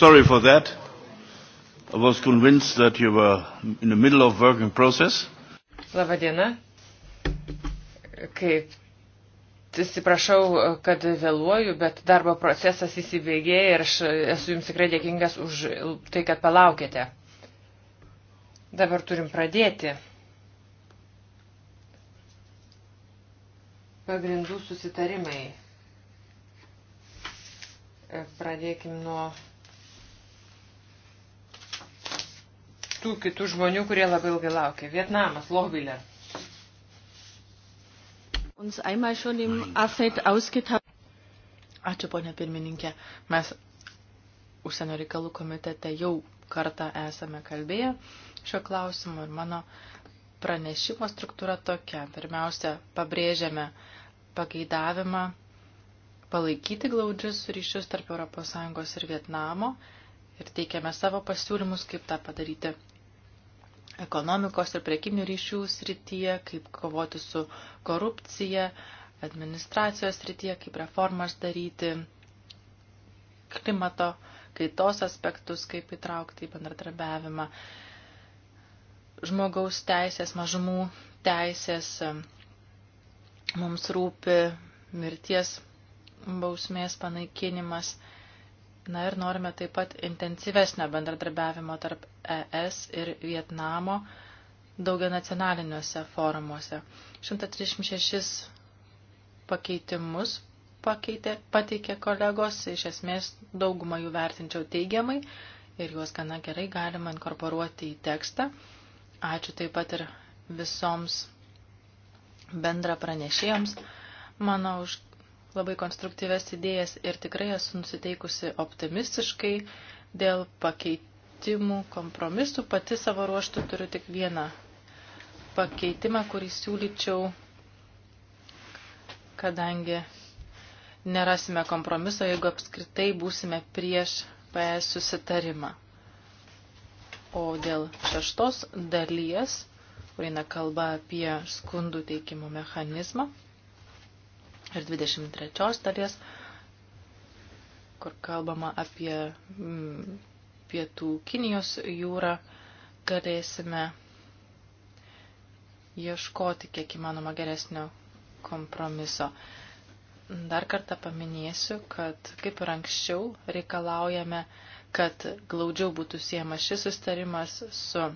sorry for that. I was convinced that you were in the middle of working process. Labadiena. Kaip Atsiprašau, kad vėluoju, bet darbo procesas įsibėgėja ir aš esu jums tikrai dėkingas už tai, kad palaukėte. Dabar turim pradėti. Pagrindų susitarimai. Pradėkim nuo tų kitų žmonių, kurie labai ilgai laukia. Vietnamas, Lohvilė. Ačiū, ponė pirmininkė. Mes užsienio reikalų komitete jau kartą esame kalbėję šio klausimu ir mano pranešimo struktūra tokia. Pirmiausia, pabrėžiame pageidavimą palaikyti glaudžius ryšius tarp ES ir Vietnamo ir teikiame savo pasiūlymus, kaip tą padaryti ekonomikos ir prekinių ryšių srityje, kaip kovoti su korupcija, administracijos srityje, kaip reformas daryti, klimato kaitos aspektus, kaip įtraukti į bendradarbiavimą, žmogaus teisės, mažumų teisės, mums rūpi mirties bausmės panaikinimas – Na ir norime taip pat intensyvesnio bendradarbiavimo tarp ES ir Vietnamo daugia nacionaliniuose forumuose. 136 pakeitimus pakeitė, pateikė kolegos, iš esmės daugumą jų vertinčiau teigiamai ir juos gana gerai galima inkorporuoti į tekstą. Ačiū taip pat ir visoms bendra pranešėjams, manau, už labai konstruktyves idėjas ir tikrai esu nusiteikusi optimistiškai dėl pakeitimų, kompromisų. Pati savo ruoštų turiu tik vieną pakeitimą, kurį siūlyčiau, kadangi nerasime kompromiso, jeigu apskritai būsime prieš PS susitarimą. O dėl šeštos dalies, kur eina kalba apie skundų teikimo mechanizmą, ir 23 dalies, kur kalbama apie mm, pietų Kinijos jūrą, galėsime ieškoti kiek įmanoma geresnio kompromiso. Dar kartą paminėsiu, kad kaip ir anksčiau reikalaujame, kad glaudžiau būtų siema šis sustarimas su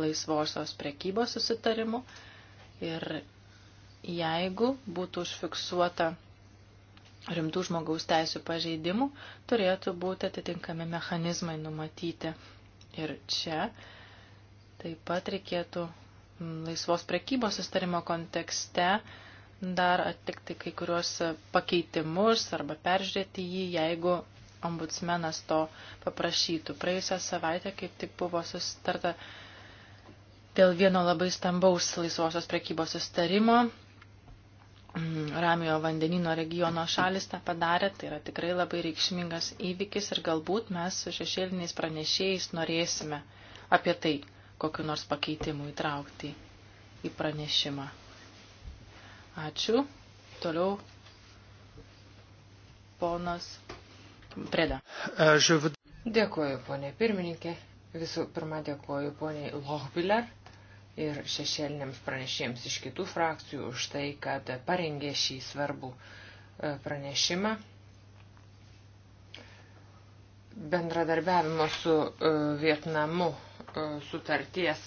laisvosios prekybos susitarimu ir jeigu būtų užfiksuota rimtų žmogaus teisų pažeidimų, turėtų būti atitinkami mechanizmai numatyti. Ir čia taip pat reikėtų laisvos prekybos sustarimo kontekste dar atlikti kai kuriuos pakeitimus arba peržiūrėti jį, jeigu ombudsmenas to paprašytų. Praėjusią savaitę kaip tik buvo susitarta dėl vieno labai stambaus laisvosios prekybos sustarimo Mm, Ramiojo vandenino regiono šalis tą padarė, tai yra tikrai labai reikšmingas įvykis ir galbūt mes su šešėliniais pranešėjais norėsime apie tai kokiu nors pakeitimu įtraukti į pranešimą. Ačiū. Toliau ponas Preda. E, dėkuoju, ponė pirmininkė. Visų pirma, dėkuoju poniai Lohbiller ir šešėliniams pranešėjams iš kitų frakcijų už tai, kad parengė šį svarbų e, pranešimą. Bendradarbiavimo su e, Vietnamu e, sutarties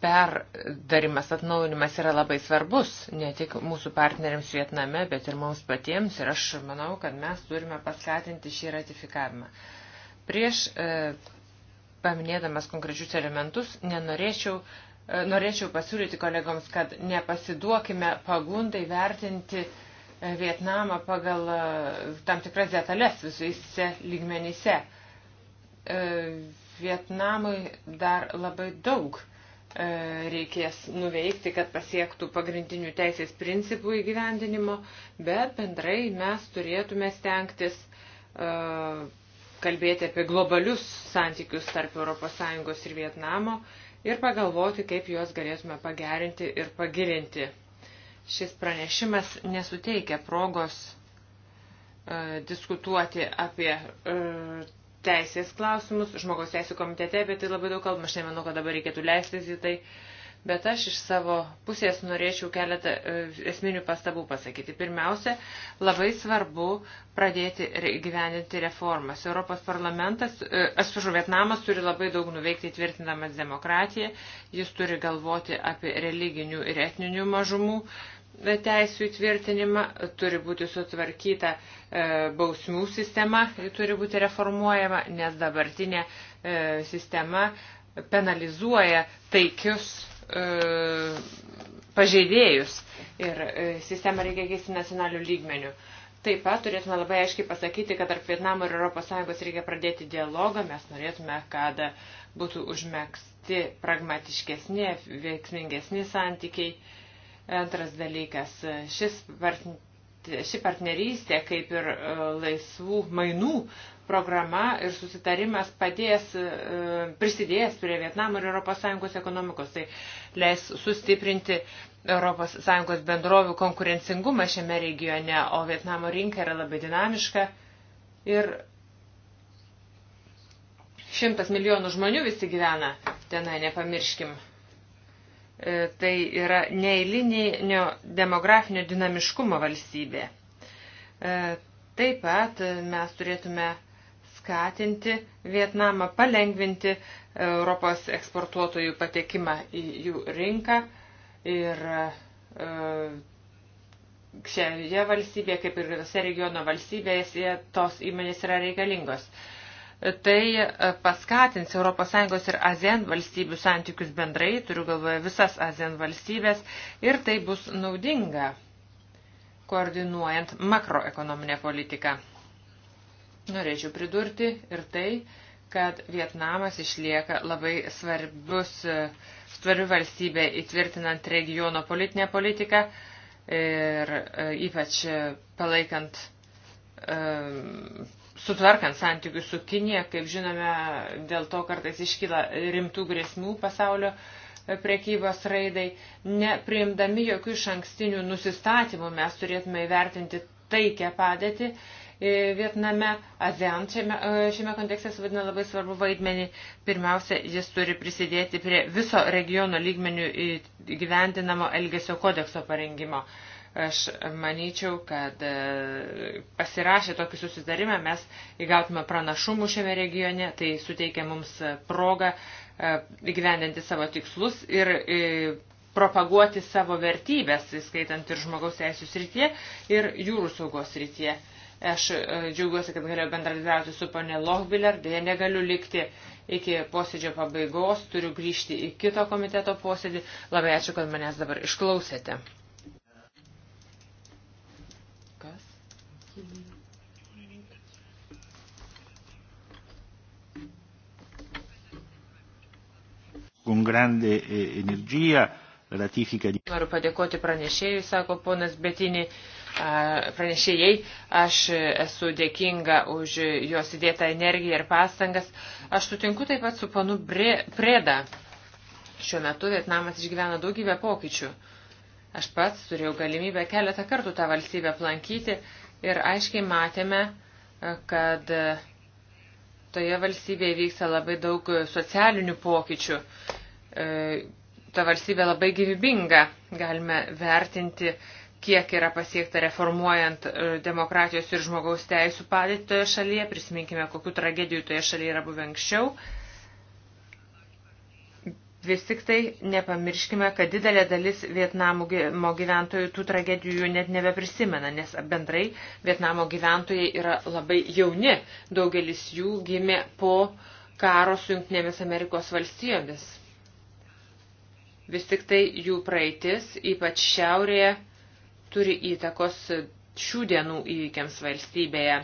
perdarimas, atnaujinimas yra labai svarbus, ne tik mūsų partneriams Vietname, bet ir mums patiems. Ir aš manau, kad mes turime paskatinti šį ratifikavimą. Prieš e, paminėdamas konkrečius elementus, nenorėčiau E, norėčiau pasiūlyti kolegoms, kad nepasiduokime pagundai vertinti e, Vietnamą pagal e, tam tikras detalės visuose lygmenyse. Vietnamui dar labai daug reikės nuveikti, kad pasiektų pagrindinių teisės principų įgyvendinimo, bet bendrai mes turėtume stengtis kalbėti apie globalius santykius tarp ES ir Vietnamo ir pagalvoti, kaip juos galėtume pagerinti ir pagilinti. Šis pranešimas nesuteikia progos e, diskutuoti apie e, teisės klausimus, žmogaus teisų komitete, bet tai labai daug kalbama, aš nemanau, kad dabar reikėtų leistis į tai. E, bet aš iš savo pusės norėčiau keletą e, esminių pastabų pasakyti. Pirmiausia, labai svarbu pradėti gyveninti reformas. Europos parlamentas, e, atsiprašau, Vietnamas turi labai daug nuveikti tvirtinamas demokratiją, jis turi galvoti apie religinių ir etninių mažumų e, teisų įtvirtinimą, turi būti sutvarkyta bausmių sistema, ji turi būti reformuojama, nes dabartinė sistema penalizuoja taikius E, pažeidėjus ir e, sistemą reikia keisti nacionalių lygmenių. Taip pat turėtume labai aiškiai pasakyti, kad tarp Vietnamo ir ES reikia pradėti dialogą. Mes norėtume, kad būtų užmėgsti pragmatiškesni, veiksmingesni santykiai. Antras dalykas, šis part, ši partnerystė, kaip ir e, laisvų mainų programa ir susitarimas padės, e, prisidės prie Vietnamo ir ES ekonomikos. Tai leis sustiprinti ES bendrovių konkurencingumą šiame regione, o Vietnamo rinka yra labai dinamiška. Ir šimtas milijonų žmonių visi gyvena tenai, nepamirškim. E, tai yra neįlinio demografinio dinamiškumo valstybė. E, taip pat mes turėtume skatinti Vietnamą, palengvinti Europos eksportuotojų patekimą į jų rinką ir e, šioje valstybėje, kaip ir visose regiono valstybėse, tos įmonės yra reikalingos. Tai e, paskatins ES ir ASEAN valstybių santykius bendrai, turiu galvoje visas ASEAN valstybės, ir tai bus naudinga koordinuojant makroekonominę politiką. Norėčiau pridurti ir tai, kad Vietnamas išlieka labai svarbus, e, svarbi valstybė įtvirtinant regiono politinę politiką ir e, ypač e, palaikant, sutvarkant santykius su Kinija, kaip žinome, dėl to kartais iškyla rimtų grėsmių pasaulio priekybos raidai. Nepriimdami jokių iš ankstinių nusistatymų mes turėtume įvertinti taikę padėtį E, Vietname. ASEAN šiame, e, šiame kontekste suvadina labai svarbu vaidmenį. Pirmiausia, jis turi prisidėti prie viso regiono lygmenių gyvendinamo Elgesio kodekso parengimo. Aš manyčiau, kad e, pasirašę tokį susidarimą mes įgautume pranašumų šiame regione, tai suteikia mums progą įgyvendinti savo tikslus ir propaguoti savo vertybės, įskaitant ir žmogaus teisų srityje, ir jūrų saugos srityje. Aš e, džiaugiuosi, kad galėjau bendradarbiauti su ponė Lohbiller, dėja negaliu likti iki posėdžio pabaigos, turiu grįžti į kito komiteto posėdį. Labai ačiū, kad manęs dabar išklausėte. Kas? Con grande eh, energia ratifica di... Noriu padėkoti pranešėjui, sako ponas Betinį pranešėjai. Aš esu dėkinga už jos įdėtą energiją ir pastangas. Aš sutinku taip pat su panu Prėda. Šiuo metu Vietnamas išgyvena daugybę pokyčių. Aš pats turėjau galimybę keletą kartų tą valstybę aplankyti ir aiškiai matėme, kad toje valstybėje vyksta labai daug socialinių pokyčių. E, ta valstybė labai gyvybinga. Galime vertinti uh, kiek yra pasiekta reformuojant e, demokratijos ir žmogaus teisų padėtį toje šalyje, prisiminkime, kokiu tragedijų toje šalyje yra buvę anksčiau. Vis tik tai nepamirškime, kad didelė dalis Vietnamo gyventojų tų tragedijų net nebeprisimena, nes bendrai Vietnamo gyventojai yra labai jauni. Daugelis jų gimė po karo su Junktinėmis Amerikos valstijomis. Vis tik tai jų praeitis, ypač šiaurėje, turi įtakos šių dienų įvykiams valstybėje.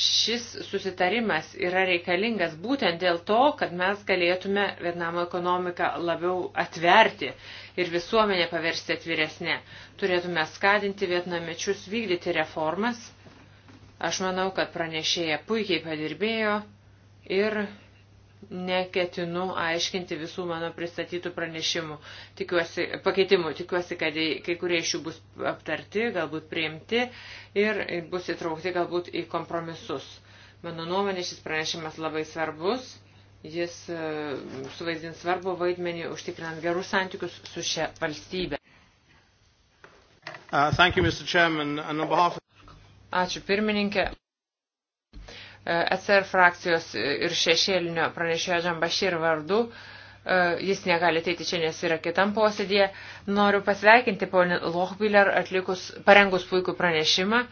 Šis susitarimas yra reikalingas būtent dėl to, kad mes galėtume Vietnamo ekonomiką labiau atverti ir visuomenę paversti atviresnė. Turėtume skatinti vietnamečius vykdyti reformas. Aš manau, kad pranešėja puikiai padirbėjo ir neketinu aiškinti visų mano pristatytų pranešimų, tikiuosi, pakeitimų. Tikiuosi, kad kai kurie iš jų bus aptarti, galbūt priimti ir bus įtraukti galbūt į kompromisus. Mano nuomonė šis pranešimas labai svarbus. Jis e, suvaidins svarbu vaidmenį užtikrinant gerus santykius su šia valstybė. Uh, you, of... Ačiū pirmininkė. ECR e frakcijos ir šešėlinio pranešėjo Džambašir vardu. E, jis negali ateiti čia, nes yra kitam posėdėje. Noriu pasveikinti ponį Lochbiller atlikus, parengus puikų pranešimą.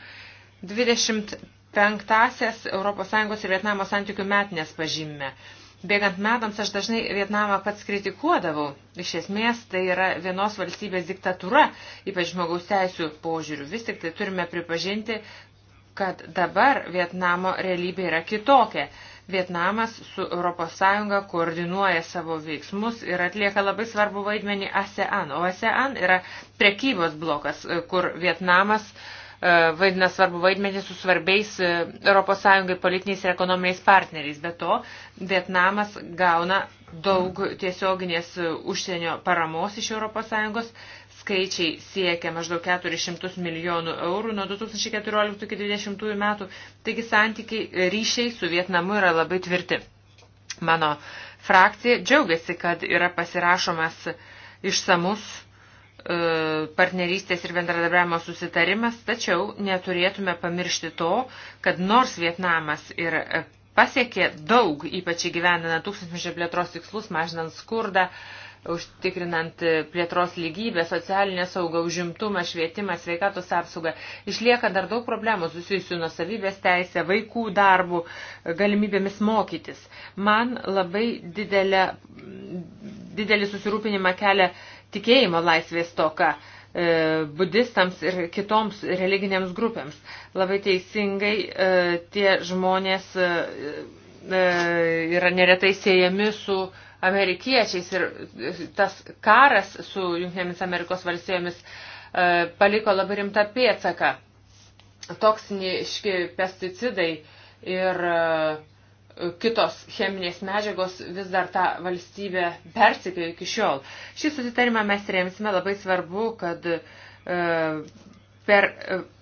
25-asias ES ir Vietnamo santykių metinės pažymime. Bėgant metams aš dažnai Vietnamą pats kritikuodavau. Iš esmės tai yra vienos valstybės diktatūra, ypač žmogaus teisų požiūrių. Vis tik tai turime pripažinti, kad dabar Vietnamo realybė yra kitokia. Vietnamas su ES koordinuoja savo veiksmus ir atlieka labai svarbu vaidmenį ASEAN. O ASEAN yra prekybos blokas, e, kur Vietnamas e, vaidina svarbu vaidmenį su svarbiais ES politiniais ir ekonominiais partneriais. Be to, Vietnamas gauna daug tiesioginės e, užsienio paramos iš ES skaičiai siekia maždaug 400 milijonų eurų nuo 2014 iki 2020 metų, taigi santykiai e, ryšiai su Vietnamu yra labai tvirti. Mano frakcija džiaugiasi, kad yra pasirašomas išsamus e, partnerystės ir bendradarbiavimo susitarimas, tačiau neturėtume pamiršti to, kad nors Vietnamas ir e, pasiekė daug, ypač įgyvendina tūkstantmečio plėtros tikslus, mažinant skurdą, uh, užtikrinant plėtros lygybę, socialinę saugą, užimtumą, švietimą, sveikatos apsaugą. Išlieka dar daug problemų susijusių nusavybės teisė, vaikų darbų, galimybėmis mokytis. Man labai didelė, didelį susirūpinimą kelia tikėjimo laisvės toka e, budistams ir kitoms religinėms grupėms. Labai teisingai e, tie žmonės e, yra neretai siejami su uh, amerikiečiais ir tas karas su Junktinėmis Amerikos valstybėmis e, paliko labai rimtą pėtsaką. Toksiniški pesticidai ir e, kitos cheminės medžiagos vis dar tą valstybę persikėjo iki šiol. Šį susitarimą mes remsime labai svarbu, kad e, per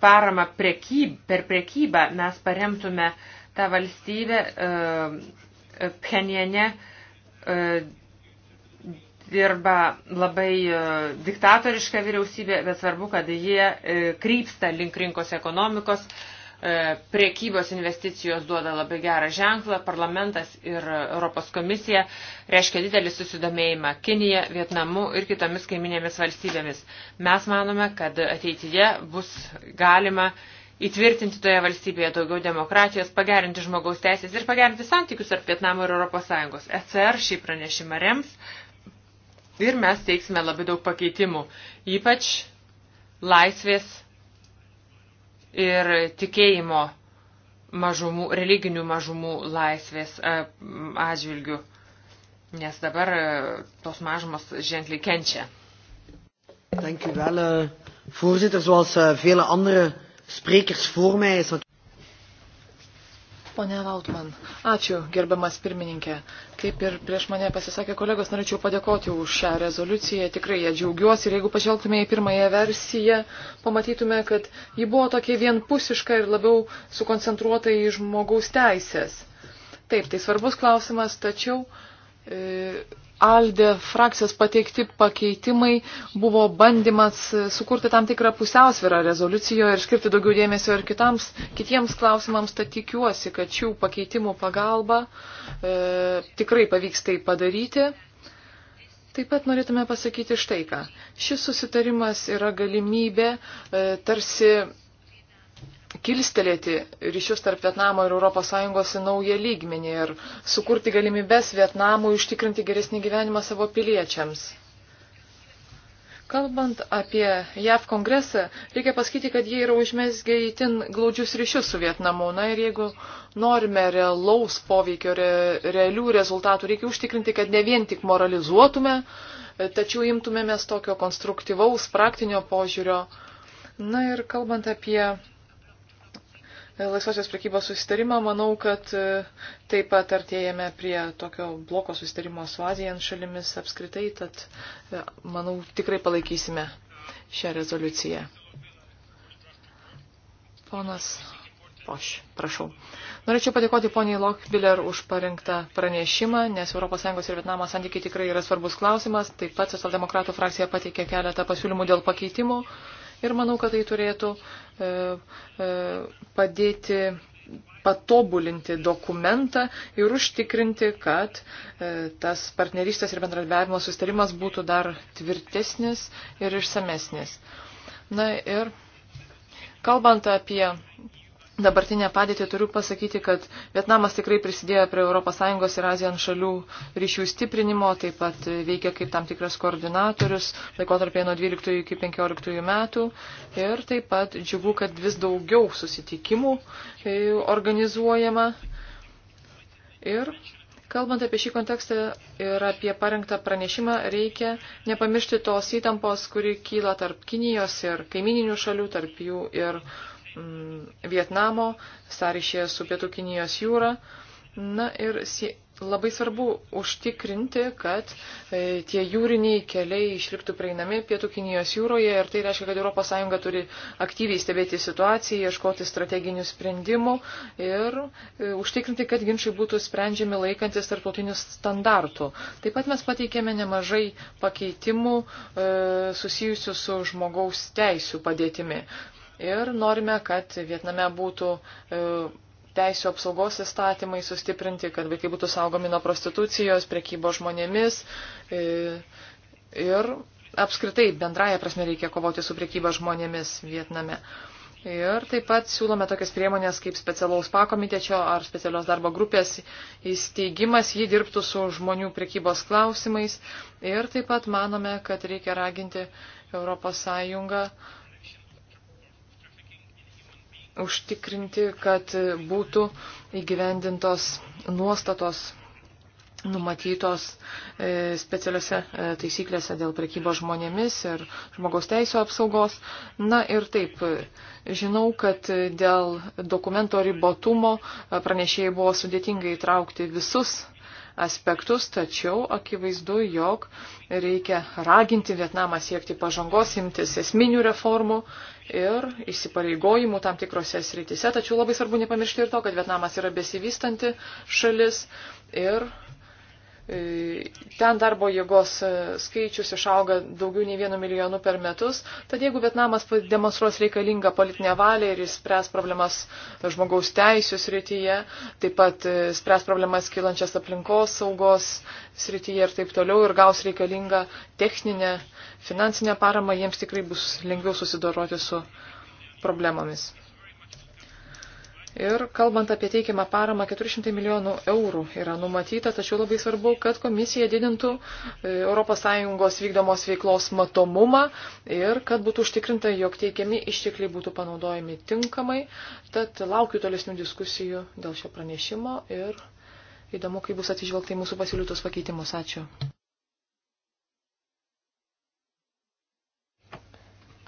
paramą prekyb, per prekybą mes paremtume tą valstybę Pchenjane. E, E, dirba labai e, diktatoriška vyriausybė, bet svarbu, kad jie e, krypsta link rinkos ekonomikos, priekybos investicijos duoda labai gerą ženklą, parlamentas ir Europos komisija reiškia didelį susidomėjimą Kinija, Vietnamu ir kitomis kaiminėmis valstybėmis. Mes manome, kad ateityje bus galima uh, įtvirtinti toje valstybėje daugiau demokratijos, pagerinti žmogaus teisės ir pagerinti santykius tarp Vietnamo ir Europos Sąjungos. ECR šį pranešimą rems ir mes teiksime labai daug pakeitimų, ypač laisvės ir tikėjimo mažumų, religinių mažumų laisvės e, atžvilgių, nes dabar e, tos mažumos ženkliai kenčia. Dank u wel, eh, voorzitter. Zoals uh, vele andere sprekers voor mij is. Pone Lautman, ačiū, gerbiamas pirmininkė. Kaip ir prieš mane pasisakė kolegos, norėčiau padėkoti už šią rezoliuciją. Tikrai ją džiaugiuosi ir jeigu pažvelgtume į pirmąją versiją, pamatytume, kad ji buvo tokia vienpusiška ir labiau sukoncentruota į žmogaus teisės. Taip, tai svarbus klausimas, tačiau e, Alde frakcijos pateikti pakeitimai buvo bandymas sukurti tam tikrą pusiausvyrą rezoliucijoje ir skirti daugiau dėmesio ir kitams, kitiems klausimams, tad tikiuosi, kad šių pakeitimų pagalba e, tikrai pavyks tai padaryti. Taip pat norėtume pasakyti štai ką. Šis susitarimas yra galimybė e, tarsi kilstelėti ryšius tarp Vietnamo ir ES į naują lygmenį ir sukurti galimybės Vietnamui užtikrinti geresnį gyvenimą savo piliečiams. Kalbant apie JAV kongresą, reikia pasakyti, kad jie yra užmesgę įtin glaudžius ryšius su Vietnamu. Na ir jeigu norime realaus poveikio, re, realių rezultatų, reikia užtikrinti, kad ne vien tik moralizuotume, tačiau imtumėmės tokio konstruktyvaus, praktinio požiūrio. Na ir kalbant apie laisvosios prekybos susitarimą, manau, kad e, taip pat artėjame prie tokio bloko susitarimo su Azijan šalimis apskritai, tad e, manau, tikrai palaikysime šią rezoliuciją. Ponas Poš, prašau. Norėčiau padėkoti poniai Lochbiller už parengtą pranešimą, nes ES ir Vietnamo santykiai tikrai yra svarbus klausimas. Taip pat socialdemokratų frakcija pateikė keletą pasiūlymų dėl pakeitimų ir manau, kad tai turėtų e, e, padėti patobulinti dokumentą ir užtikrinti, kad e, tas partnerystės ir bendradarbiavimo sustarimas būtų dar tvirtesnis ir išsamesnis. Na ir kalbant apie dabartinę padėtį turiu pasakyti, kad Vietnamas tikrai prisidėjo prie ES ir Azijos šalių ryšių stiprinimo, taip pat veikia kaip tam tikras koordinatorius laikotarpėje nuo 12 iki 15 metų ir taip pat džiugu, kad vis daugiau susitikimų e, organizuojama. Ir Kalbant apie šį kontekstą ir apie parengtą pranešimą, reikia nepamiršti tos įtampos, kuri kyla tarp Kinijos ir kaimininių šalių, tarp jų ir uh, Mm, Vietnamo, sąryšėje su Pietų Kinijos jūra. Na ir labai svarbu užtikrinti, kad e, tie jūriniai keliai išliktų prieinami Pietų Kinijos jūroje ir tai reiškia, kad ES turi aktyviai stebėti situaciją, ieškoti strateginių sprendimų ir e, užtikrinti, kad ginčiai būtų sprendžiami laikantis tarptautinių standartų. Taip pat mes pateikėme nemažai pakeitimų e, susijusių su žmogaus teisų padėtimi ir norime, kad Vietname būtų e, teisų apsaugos įstatymai sustiprinti, kad vaikai būtų saugomi nuo prostitucijos, priekybo žmonėmis e, ir apskritai bendraja prasme reikia kovoti su priekyba žmonėmis Vietname. Ir taip pat siūlome tokias priemonės kaip specialaus pakomitečio ar specialios darbo grupės įsteigimas, jį dirbtų su žmonių priekybos klausimais. Ir taip pat manome, kad reikia raginti ES užtikrinti, kad būtų įgyvendintos nuostatos numatytos e, specialiuose e, taisyklėse dėl prekybos žmonėmis ir žmogaus teisų apsaugos. Na ir taip, žinau, kad dėl dokumento ribotumo e, pranešėjai buvo sudėtingai įtraukti visus aspektus, tačiau akivaizdu, jog reikia raginti Vietnamą siekti pažangos, imtis esminių reformų ir įsipareigojimų tam tikrose srityse, tačiau labai svarbu nepamiršti ir to, kad Vietnamas yra besivystanti šalis ir E, ten darbo jėgos e, skaičius išauga daugiau nei vienu milijonu per metus. Tad jeigu Vietnamas demonstruos reikalingą politinę valią ir spręs problemas žmogaus teisų srityje, taip pat e, spręs problemas kylančias aplinkos saugos srityje ir taip toliau ir gaus reikalingą techninę, finansinę paramą, jiems tikrai bus lengviau susidoroti su problemomis. Ir kalbant apie teikiamą paramą, 400 milijonų eurų yra numatyta, tačiau labai svarbu, kad komisija didintų ES vykdomos veiklos matomumą ir kad būtų užtikrinta, jog teikiami ištekliai būtų panaudojami tinkamai. Tad laukiu tolesnių diskusijų dėl šio pranešimo ir įdomu, kaip bus atsižvelgta į mūsų pasiūlytus pakeitimus. Ačiū.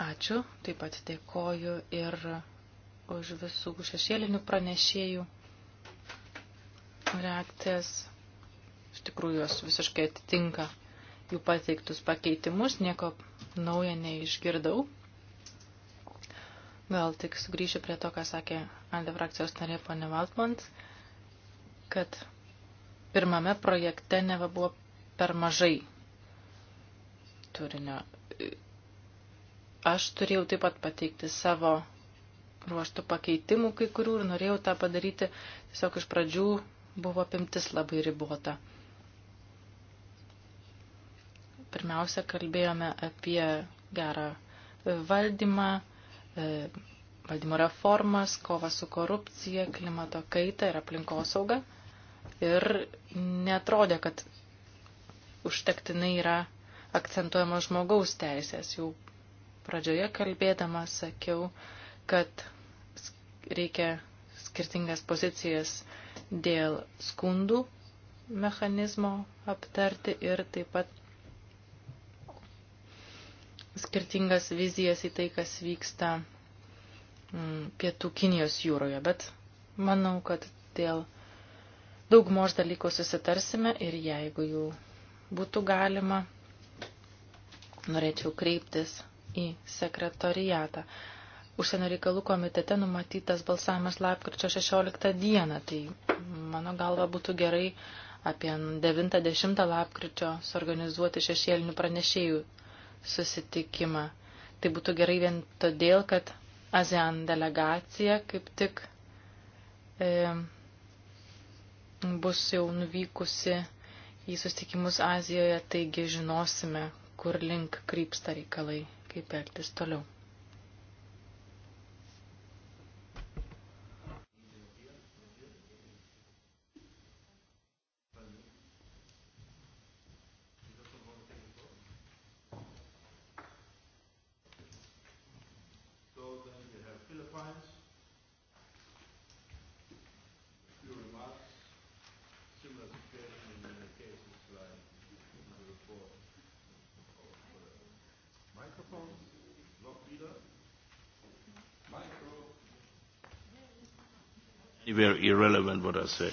Ačiū, taip pat dėkoju ir už visų šešėlinių pranešėjų reakcijas. Iš tikrųjų, jos visiškai atitinka jų pateiktus pakeitimus, nieko naujo neišgirdau. Gal tik sugrįšiu prie to, ką sakė Alde frakcijos narė ponė Valtmans, kad pirmame projekte neva buvo per mažai turinio. Aš turėjau taip pat pateikti savo ruoštų pakeitimų kai kurių ir norėjau tą padaryti. Tiesiog iš pradžių buvo apimtis labai ribota. Pirmiausia, kalbėjome apie gerą e, valdymą, e, valdymo reformas, kovą su korupcija, klimato kaitą ir aplinkosaugą. Ir netrodė, kad užtektinai yra akcentuojama žmogaus teisės. Jau pradžioje kalbėdama sakiau, kad reikia skirtingas pozicijas dėl skundų mechanizmo aptarti ir taip pat skirtingas vizijas į tai, kas vyksta mm, pietų Kinijos jūroje, bet manau, kad dėl daugumos dalykų susitarsime ir jeigu jų būtų galima, norėčiau kreiptis į sekretariatą užsienio reikalų komitete numatytas balsavimas lapkričio 16 dieną, tai mano galva būtų gerai apie 9-10 lapkričio suorganizuoti šešėlinių pranešėjų susitikimą. Tai būtų gerai vien todėl, kad ASEAN delegacija kaip tik e, bus jau nuvykusi į susitikimus Azijoje, taigi žinosime, kur link krypsta reikalai, kaip elgtis toliau. to say.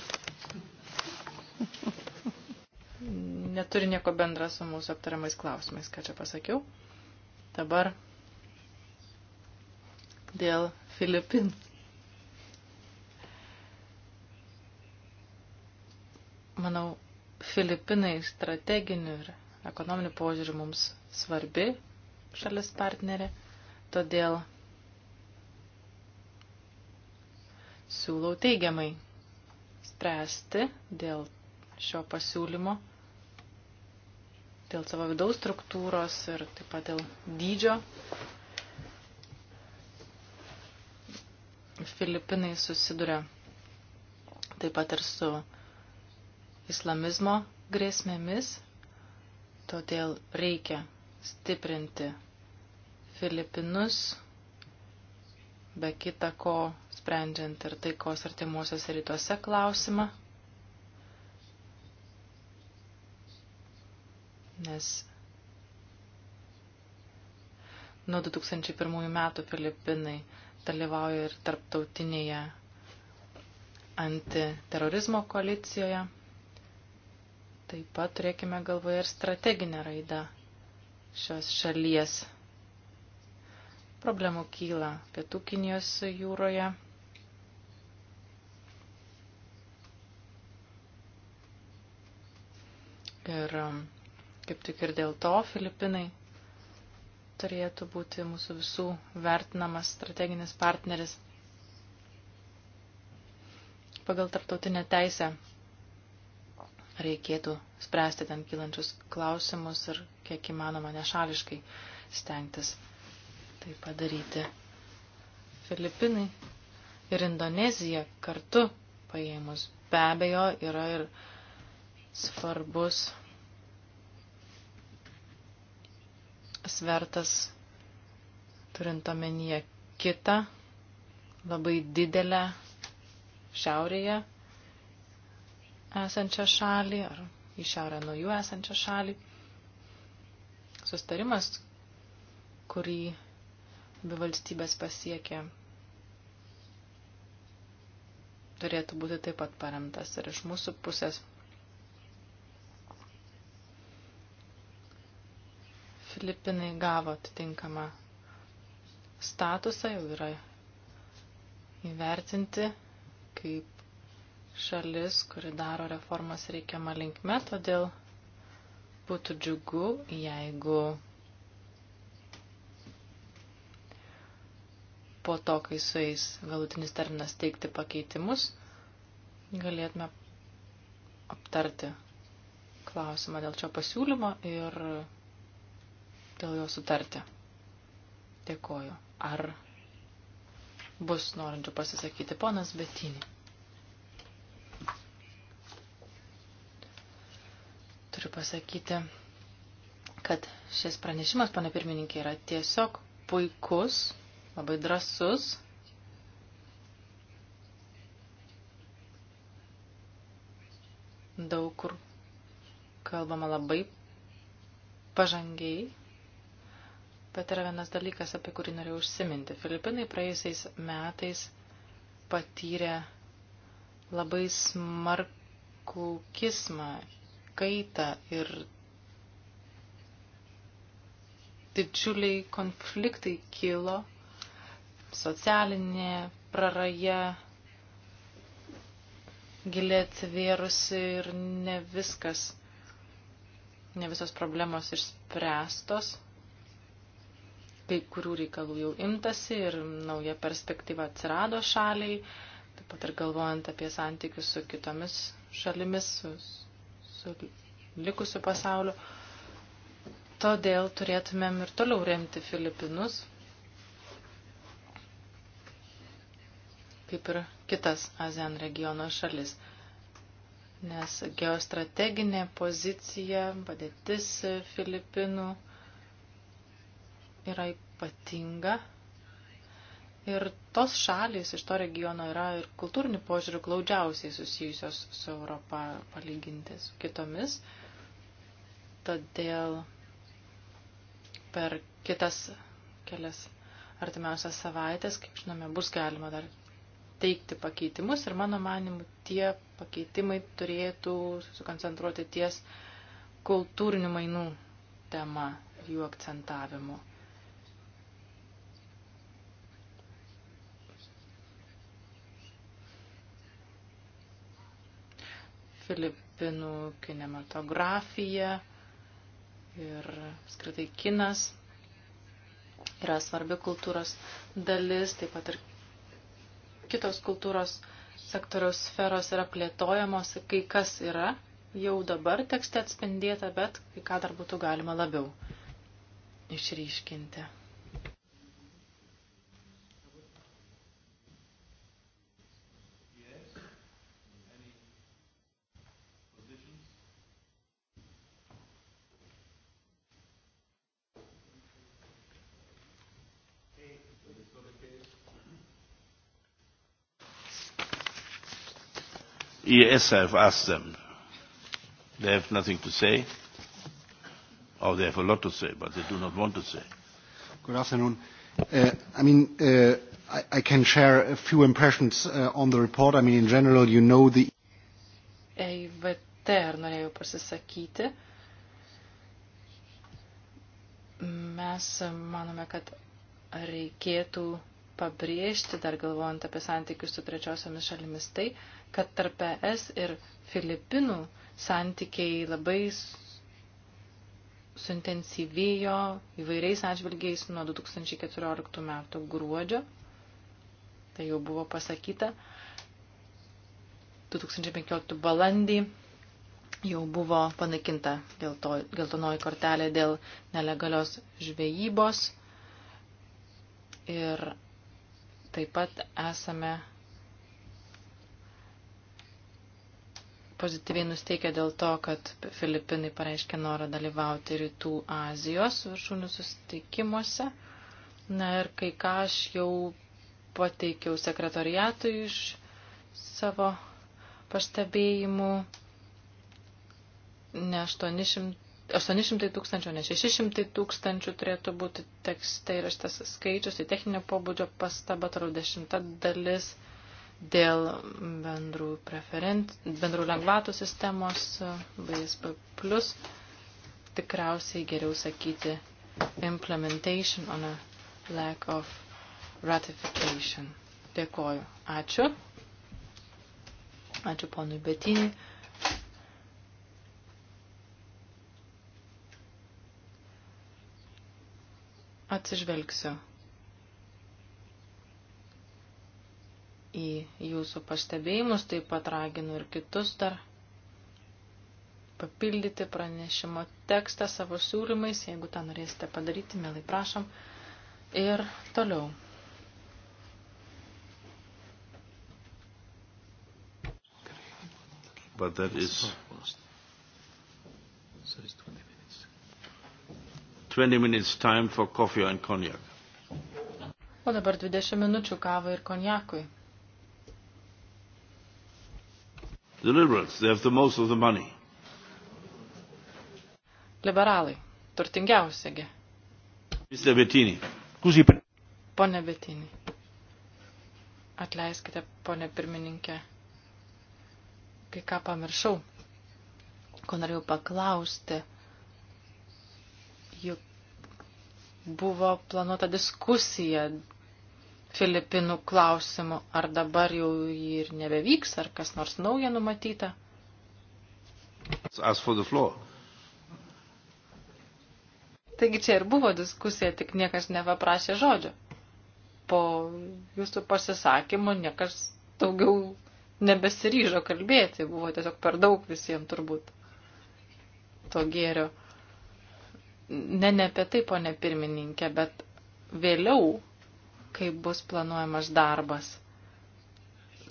Neturi nieko bendra su mūsų aptariamais klausimais, ką čia pasakiau. Dabar dėl Filipinų. Manau, Filipinai strateginių ir ekonominių požiūrių mums svarbi šalis partnerė, todėl siūlau teigiamai spręsti dėl šio pasiūlymo, dėl savo vidaus struktūros ir taip pat dėl dydžio. Filipinai susiduria taip pat ir su islamizmo grėsmėmis, todėl reikia stiprinti Filipinus, be kita ko sprendžiant ir taikos artimuosiuose rytuose klausimą, nes nuo 2001 metų Filipinai dalyvauja ir tarptautinėje antiterorizmo koalicijoje. Taip pat turėkime galvoje ir strateginę raidą šios šalies. Problemų kyla Pietų Kinijos jūroje, Ir um, kaip tik ir dėl to Filipinai turėtų būti mūsų visų vertinamas strateginis partneris pagal tarptautinę teisę. Reikėtų spręsti ten kylančius klausimus ir kiek įmanoma nešališkai stengtis tai padaryti. Filipinai ir Indonezija kartu paėmus be abejo yra ir svarbus svertas, turint omenyje kitą labai didelę šiaurėje esančią šalį ar į šiaurę nuo jų esančią šalį. Sustarimas, kurį abi valstybės pasiekė, turėtų būti taip pat paremtas ir iš mūsų pusės Filipinai gavo atitinkamą statusą, jau yra įvertinti kaip šalis, kuri daro reformas reikiamą linkme, todėl būtų džiugu, jeigu po to, kai sueis galutinis terminas teikti pakeitimus, galėtume aptarti klausimą dėl šio pasiūlymo ir dėl jo sutarti. Dėkoju. Ar bus norinčių pasisakyti ponas Betinį? Turiu pasakyti, kad šis pranešimas, pana pirmininkė, yra tiesiog puikus, labai drasus. Daug kur kalbama labai pažangiai Bet yra vienas dalykas, apie kurį norėjau užsiminti. Filipinai praėjusiais metais patyrė labai smarkų kismą, kaitą ir didžiuliai konfliktai kilo, socialinė praraja giliai atsivėrusi ir ne viskas, ne visos problemos išspręstos kai kurių reikalų jau imtasi ir nauja perspektyva atsirado šaliai, taip pat ir galvojant apie santykius su kitomis šalimis, su, su likusiu pasauliu. Todėl turėtumėm ir toliau remti Filipinus, kaip ir kitas ASEAN regiono šalis. Nes geostrateginė pozicija, padėtis Filipinų yra ypatinga. Ir tos šalys iš to regiono yra ir kultūrinių požiūrių glaudžiausiai susijusios su Europa palyginti su kitomis. Todėl per kitas kelias artimiausias savaitės, kaip žinome, bus galima dar teikti pakeitimus ir mano manimu tie pakeitimai turėtų susikoncentruoti ties kultūrinių mainų tema jų akcentavimu. Filipinų kinematografija ir skritai kinas yra svarbi kultūros dalis, taip pat ir kitos kultūros sektoriaus sferos yra plėtojamos, kai kas yra jau dabar tekste atspindėta, bet kai ką dar būtų galima labiau išryškinti. EES, I have asked them. They have nothing to say, or oh, they have a lot to say, but they do not want to say. Good afternoon. Uh, I mean, uh, I, I can share a few impressions uh, on the report. I mean, in general, you know the. EIVT, ar norėjau pasisakyti. Mes manome, kad reikėtų pabrėžti, dar galvojant apie santykius su trečiosiomis šalimis, tai, kad tarp ES ir Filipinų santykiai labai suintensyvėjo įvairiais atžvilgiais nuo 2014 metų gruodžio. Tai jau buvo pasakyta. 2015 balandį jau buvo panaikinta gelto, geltonoji kortelė dėl nelegalios žvejybos. Ir Taip pat esame pozityviai nusteikę dėl to, kad Filipinai pareiškė norą dalyvauti Rytų Azijos viršūnių susitikimuose. Na ir kai ką aš jau pateikiau sekretariatui iš savo pastebėjimų, ne 800 800 tūkstančių, ne 600 tūkstančių turėtų būti tekste ir šitas skaičius, tai techninio pobūdžio pastaba, tarau dešimta dalis dėl bendrų, preferent, bendrų lengvatų sistemos, BSP+, tikriausiai geriau sakyti implementation on a lack of ratification. Dėkoju. Ačiū. Ačiū ponui Betinį. atsižvelgsiu į jūsų pastebėjimus, taip pat raginu ir kitus dar papildyti pranešimo tekstą savo siūlymais, jeigu tą norėsite padaryti, mielai prašom. Ir toliau. But that is... So it's 20 minutes time for coffee and cognac. O dabar 20 minučių kavai ir konjakui. The liberals, they have the most of the money. Liberalai, turtingiausiagi. Mr. Bettini. Scusi, per... Pone Bettini. Atleiskite, pone pirmininkė. Kai ką pamiršau, ko norėjau paklausti juk buvo planuota diskusija Filipinų klausimu, ar dabar jau ir nebevyks, ar kas nors nauja numatyta. As for the floor. Taigi čia ir buvo diskusija, tik niekas nepaprašė žodžio. Po jūsų pasisakymų niekas daugiau nebesiryžo kalbėti, buvo tiesiog per daug visiems turbūt to gėrio. Ne, ne apie tai, ponė pirmininkė, bet vėliau, kai bus planuojamas darbas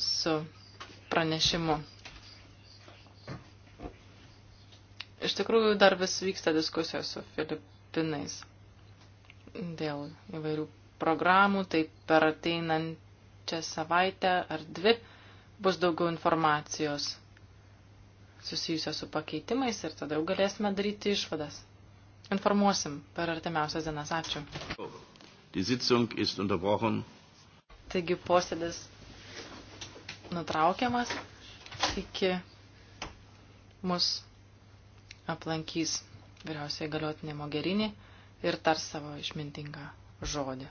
su pranešimu. Iš tikrųjų, dar vis vyksta diskusijos su Filipinais dėl įvairių programų, tai per ateinančią savaitę ar dvi bus daugiau informacijos susijusios su pakeitimais ir tada jau galėsime daryti išvadas. Informuosim per artimiausias dienas. Ačiū. Taigi posėdis nutraukiamas iki mus aplankys vyriausiai galiotinė Mogerinė ir tar savo išmintingą žodį.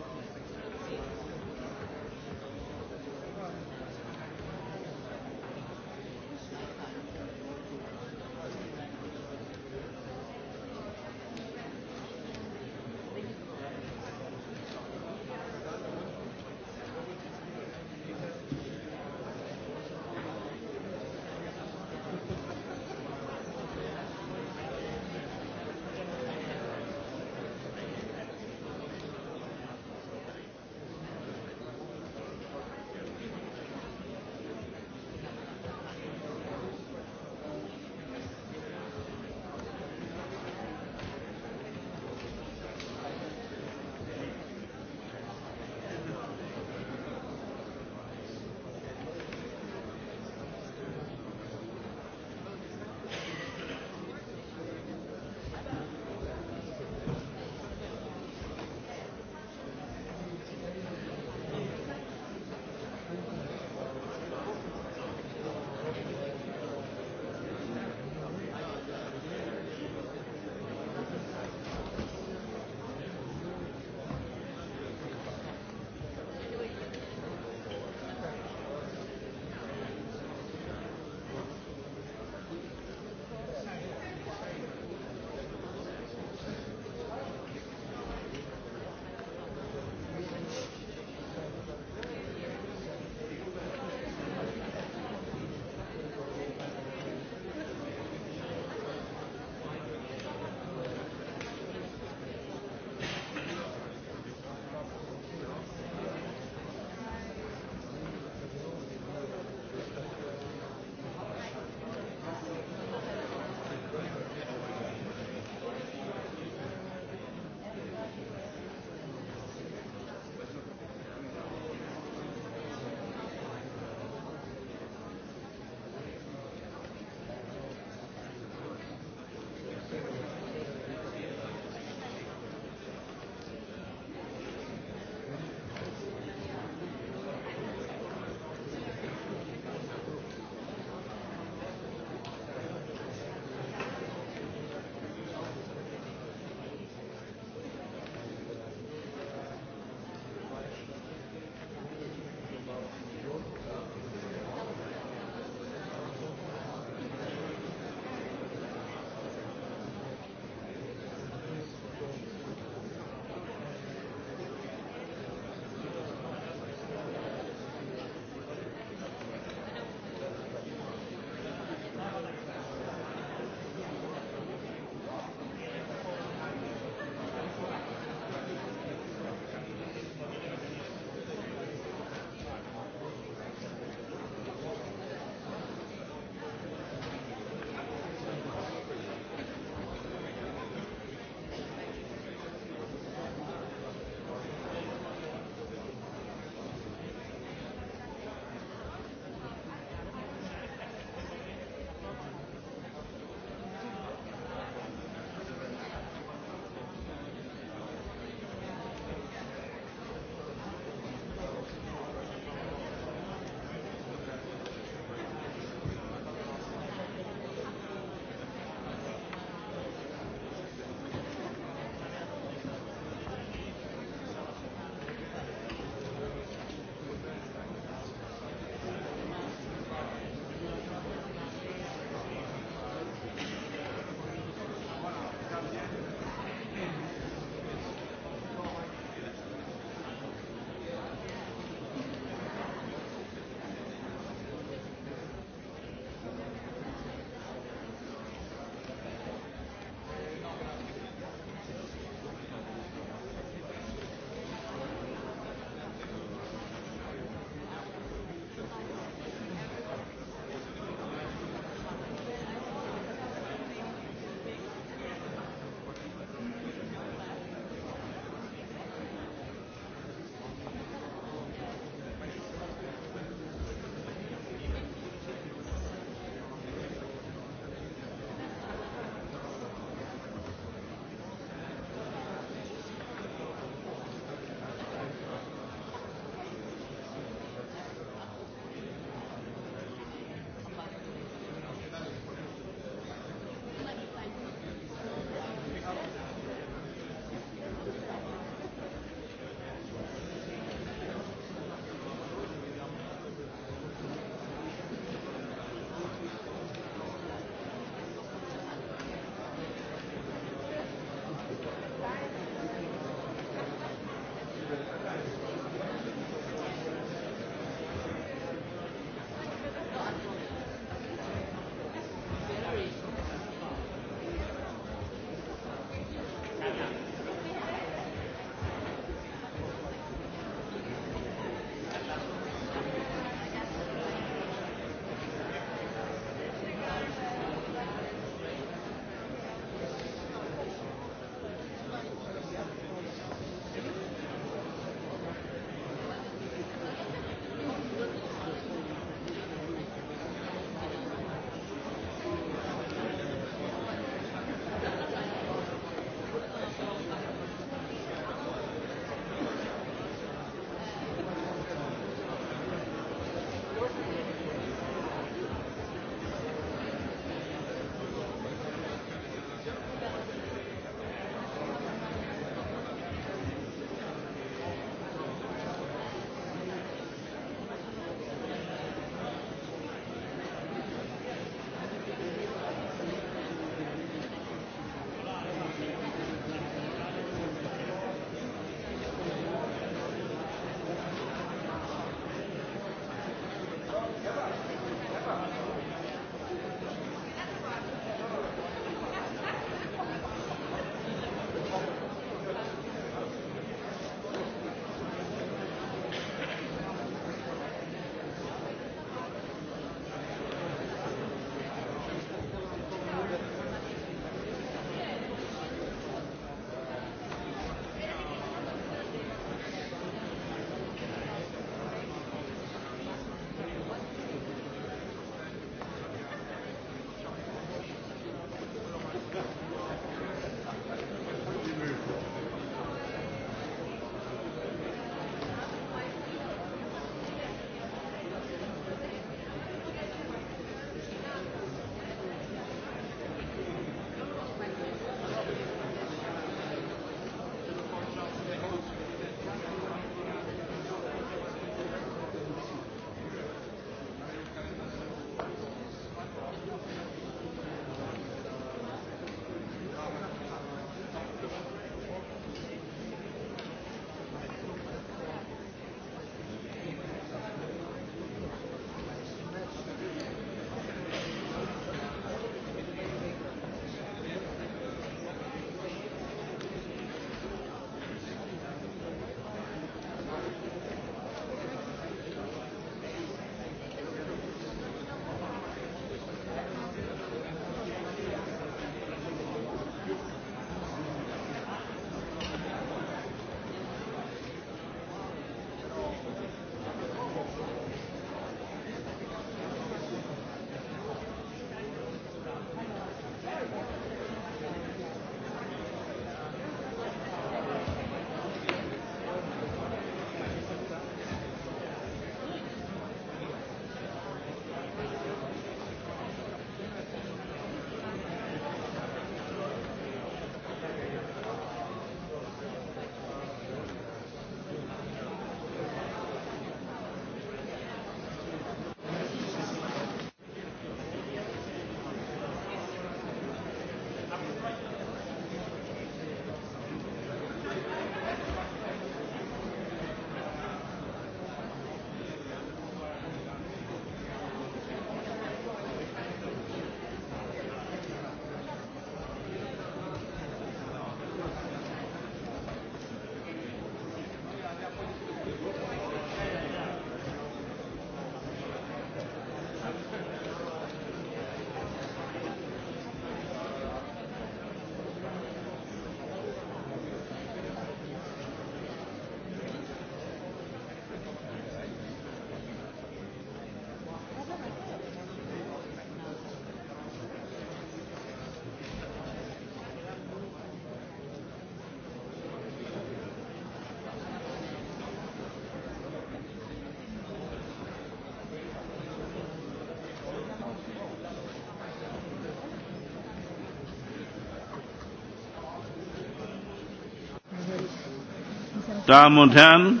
Damen und Herren,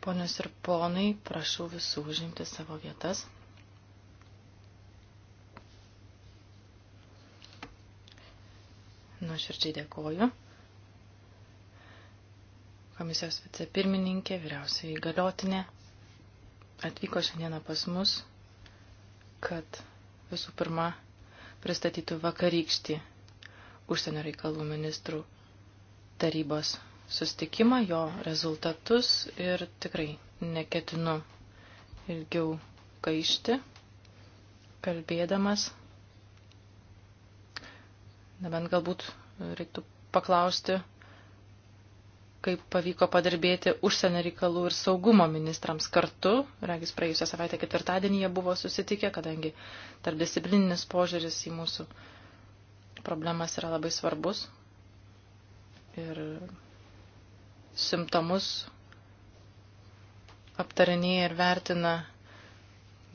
Ponios ir ponai, prašau visų užimti savo vietas. Nuoširdžiai dėkoju. Komisijos vicepirmininkė, vyriausiai įgaliotinė atvyko šiandieną pas mus, kad visų pirma pristatytų vakarykštį užsienio reikalų ministrų tarybos sustikimą, jo rezultatus ir tikrai neketinu ilgiau gaišti, kalbėdamas. Nebent galbūt reiktų paklausti, kaip pavyko padirbėti užsienio reikalų ir saugumo ministrams kartu. Regis praėjusią savaitę ketvirtadienį jie buvo susitikę, kadangi tarpdisciplininis požiūris į mūsų problemas yra labai svarbus ir simptomus aptarinėja ir vertina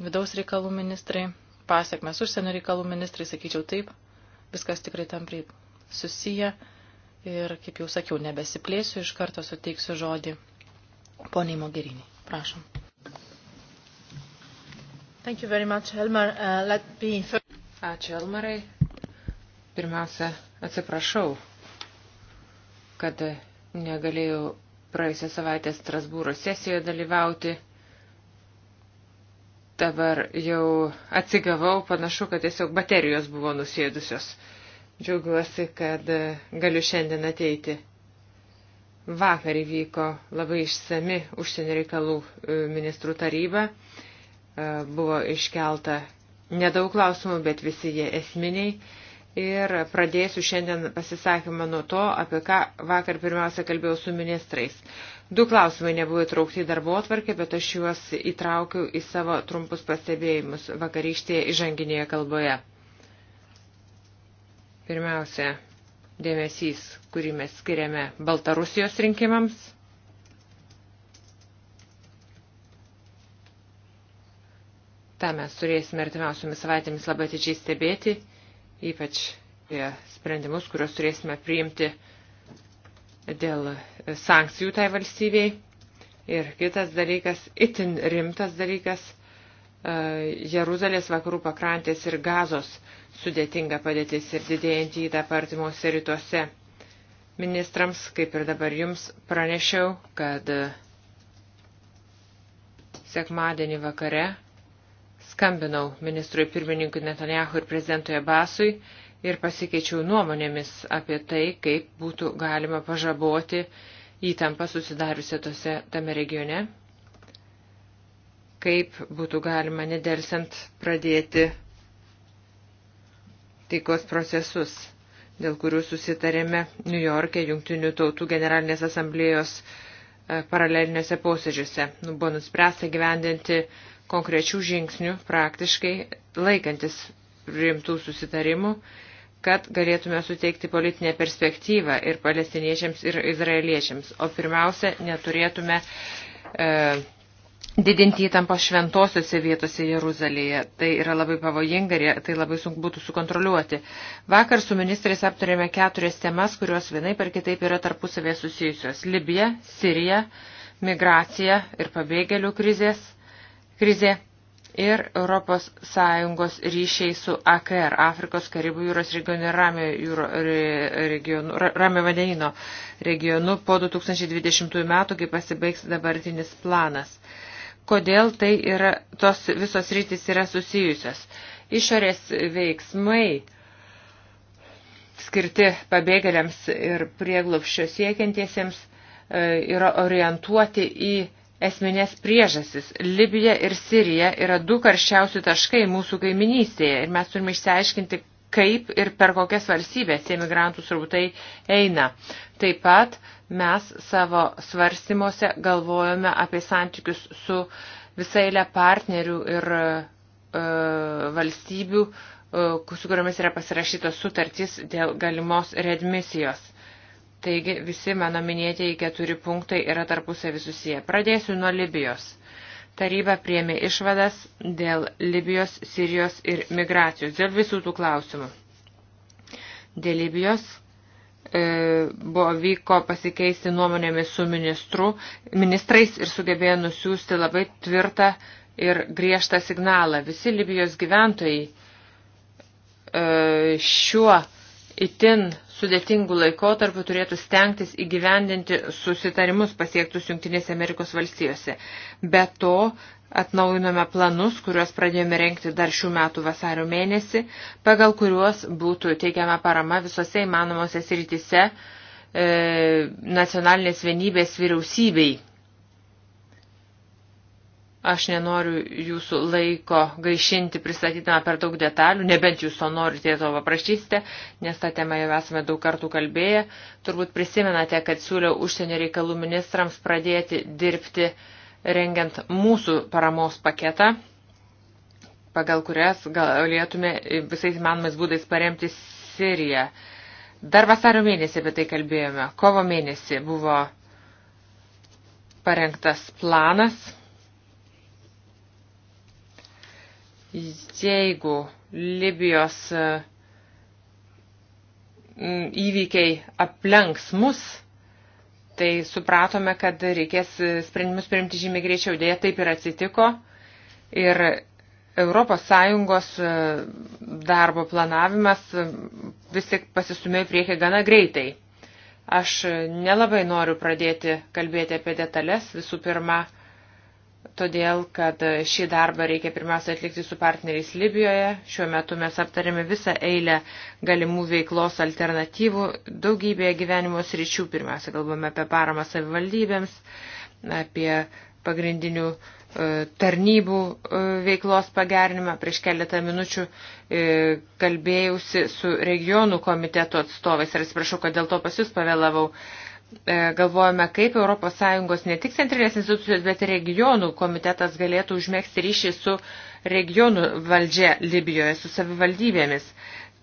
vidaus reikalų ministrai, pasiekmes užsienio reikalų ministrai, sakyčiau taip, viskas tikrai tampriai susiję ir, kaip jau sakiau, nebesiplėsiu, iš karto suteiksiu žodį poniai Mogerinį. Prašom. Thank you very much, Elmar. Uh, let me... Ačiū, Elmarai. Pirmiausia, atsiprašau, kad negalėjau praėjusią savaitę Strasbūro sesijoje dalyvauti. Dabar jau atsigavau, panašu, kad tiesiog baterijos buvo nusėdusios. Džiaugiuosi, kad galiu šiandien ateiti. Vakar įvyko labai išsami užsienio reikalų e, ministrų taryba. E, buvo iškelta nedaug klausimų, bet visi jie esminiai ir pradėsiu šiandien pasisakymą nuo to, apie ką vakar pirmiausia kalbėjau su ministrais. Du klausimai nebuvo įtraukti į darbo atvarkę, bet aš juos įtraukiau į savo trumpus pastebėjimus vakarykštėje įžanginėje kalboje. Pirmiausia, dėmesys, kurį mes skiriame Baltarusijos rinkimams. Ta mes turėsime artimiausiomis savaitėmis labai atidžiai stebėti ypač e, sprendimus, kuriuos turėsime priimti dėl sankcijų tai valstybei. Ir kitas dalykas, itin rimtas dalykas, e, Jeruzalės vakarų pakrantės ir gazos sudėtinga padėtis ir didėjantį įtapą artimuose rytuose. Ministrams, kaip ir dabar jums, pranešiau, kad sekmadienį vakare Skambinau ministrui pirmininkui Netanjahu ir prezidentui Abasui ir pasikeičiau nuomonėmis apie tai, kaip būtų galima pažaboti įtampą susidariusią tose tame regione, kaip būtų galima nedelsiant pradėti taikos procesus, dėl kurių susitarėme New York'e Jungtinių tautų generalinės asamblėjos e, paraleliniuose posėdžiuose. Nu, buvo nuspręsta gyvendinti konkrečių žingsnių praktiškai laikantis rimtų susitarimų, kad galėtume suteikti politinę perspektyvą ir palestiniečiams, ir izraeliečiams. O pirmiausia, neturėtume e, didinti įtampą šventosiose vietose Jeruzalėje. Tai yra labai pavojinga ir tai labai sunku būtų sukontroliuoti. Vakar su ministrais aptarėme keturias temas, kurios vienai per kitaip yra tarpusavėje susijusios. Libija, Sirija, migracija ir pabėgėlių krizės krizė ir ES ryšiai su AKR, Afrikos Karibų jūros regionu ir Ramio, jūro, regionu, Ramio vandenino regionu po 2020 metų, kai pasibaigs dabartinis planas. Kodėl tai yra, tos visos rytis yra susijusios? Išorės veiksmai skirti pabėgėliams ir prieglopščio siekiantiesiems e, yra orientuoti į esminės priežasis. Libija ir Sirija yra du karščiausių taškai mūsų kaiminystėje ir mes turime išsiaiškinti, kaip ir per kokias valstybės tie migrantų srautai eina. Taip pat mes savo svarstymuose galvojame apie santykius su visai le partnerių ir e, valstybių, e, su kuriomis yra pasirašytos sutartys dėl galimos redmisijos. Taigi visi mano minėtieji keturi punktai yra tarpusavį susiję. Pradėsiu nuo Libijos. Taryba priemė išvadas dėl Libijos, Sirijos ir migracijos, dėl visų tų klausimų. Dėl Libijos e, buvo vyko pasikeisti nuomonėmis su ministru, ministrais ir sugebėjo nusiųsti labai tvirtą ir griežtą signalą. Visi Libijos gyventojai e, šiuo itin sudėtingų laikotarpių turėtų stengtis įgyvendinti susitarimus pasiektus Junktinėse Amerikos valstijose. Be to, atnaujinome planus, kuriuos pradėjome renkti dar šių metų vasario mėnesį, pagal kuriuos būtų teikiama parama visose įmanomose srityse e, nacionalinės vienybės vyriausybei Aš nenoriu jūsų laiko gaišinti pristatydama per daug detalių, nebent jūs to norite, to paprašysite, nes tą temą jau esame daug kartų kalbėję. Turbūt prisimenate, kad siūliau užsienio reikalų ministrams pradėti dirbti rengiant mūsų paramos paketą, pagal kurias galėtume visais manomais būdais paremti Siriją. Dar vasario mėnesį apie tai kalbėjome. Kovo mėnesį buvo parengtas planas Jeigu Libijos e, įvykiai aplenks mus, tai supratome, kad reikės e, sprendimus priimti žymiai greičiau. Dėja, taip ir atsitiko. Ir Europos Sąjungos e, darbo planavimas vis tik pasistumėjo priekį gana greitai. Aš nelabai noriu pradėti kalbėti apie detalės. Visų pirma, todėl kad šį darbą reikia pirmiausia atlikti su partneriais Libijoje. Šiuo metu mes aptarėme visą eilę galimų veiklos alternatyvų daugybėje gyvenimo sričių. Pirmiausia, kalbame apie paramą savivaldybėms, apie pagrindinių e, tarnybų e, veiklos pagerinimą. Prieš keletą minučių e, kalbėjausi su regionų komiteto atstovais ir atsiprašau, kad dėl to pas jūs pavėlavau. E, galvojame, kaip ES ne tik centrinės institucijos, bet ir regionų komitetas galėtų užmėgsti ryšį su regionų valdžia Libijoje, su savivaldybėmis,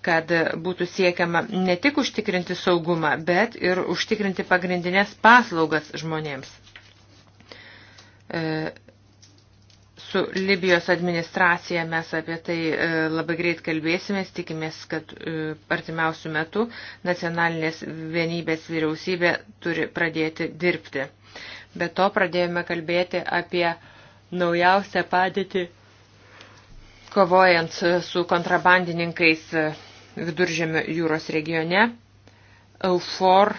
kad būtų siekiama ne tik užtikrinti saugumą, bet ir užtikrinti pagrindinės paslaugas žmonėms. E, su Libijos administracija mes apie tai e, labai greit kalbėsimės, tikimės, kad e, artimiausių metų nacionalinės vienybės vyriausybė turi pradėti dirbti. Be to pradėjome kalbėti apie naujausią padėtį kovojant su kontrabandininkais e, viduržėmio jūros regione. Eufor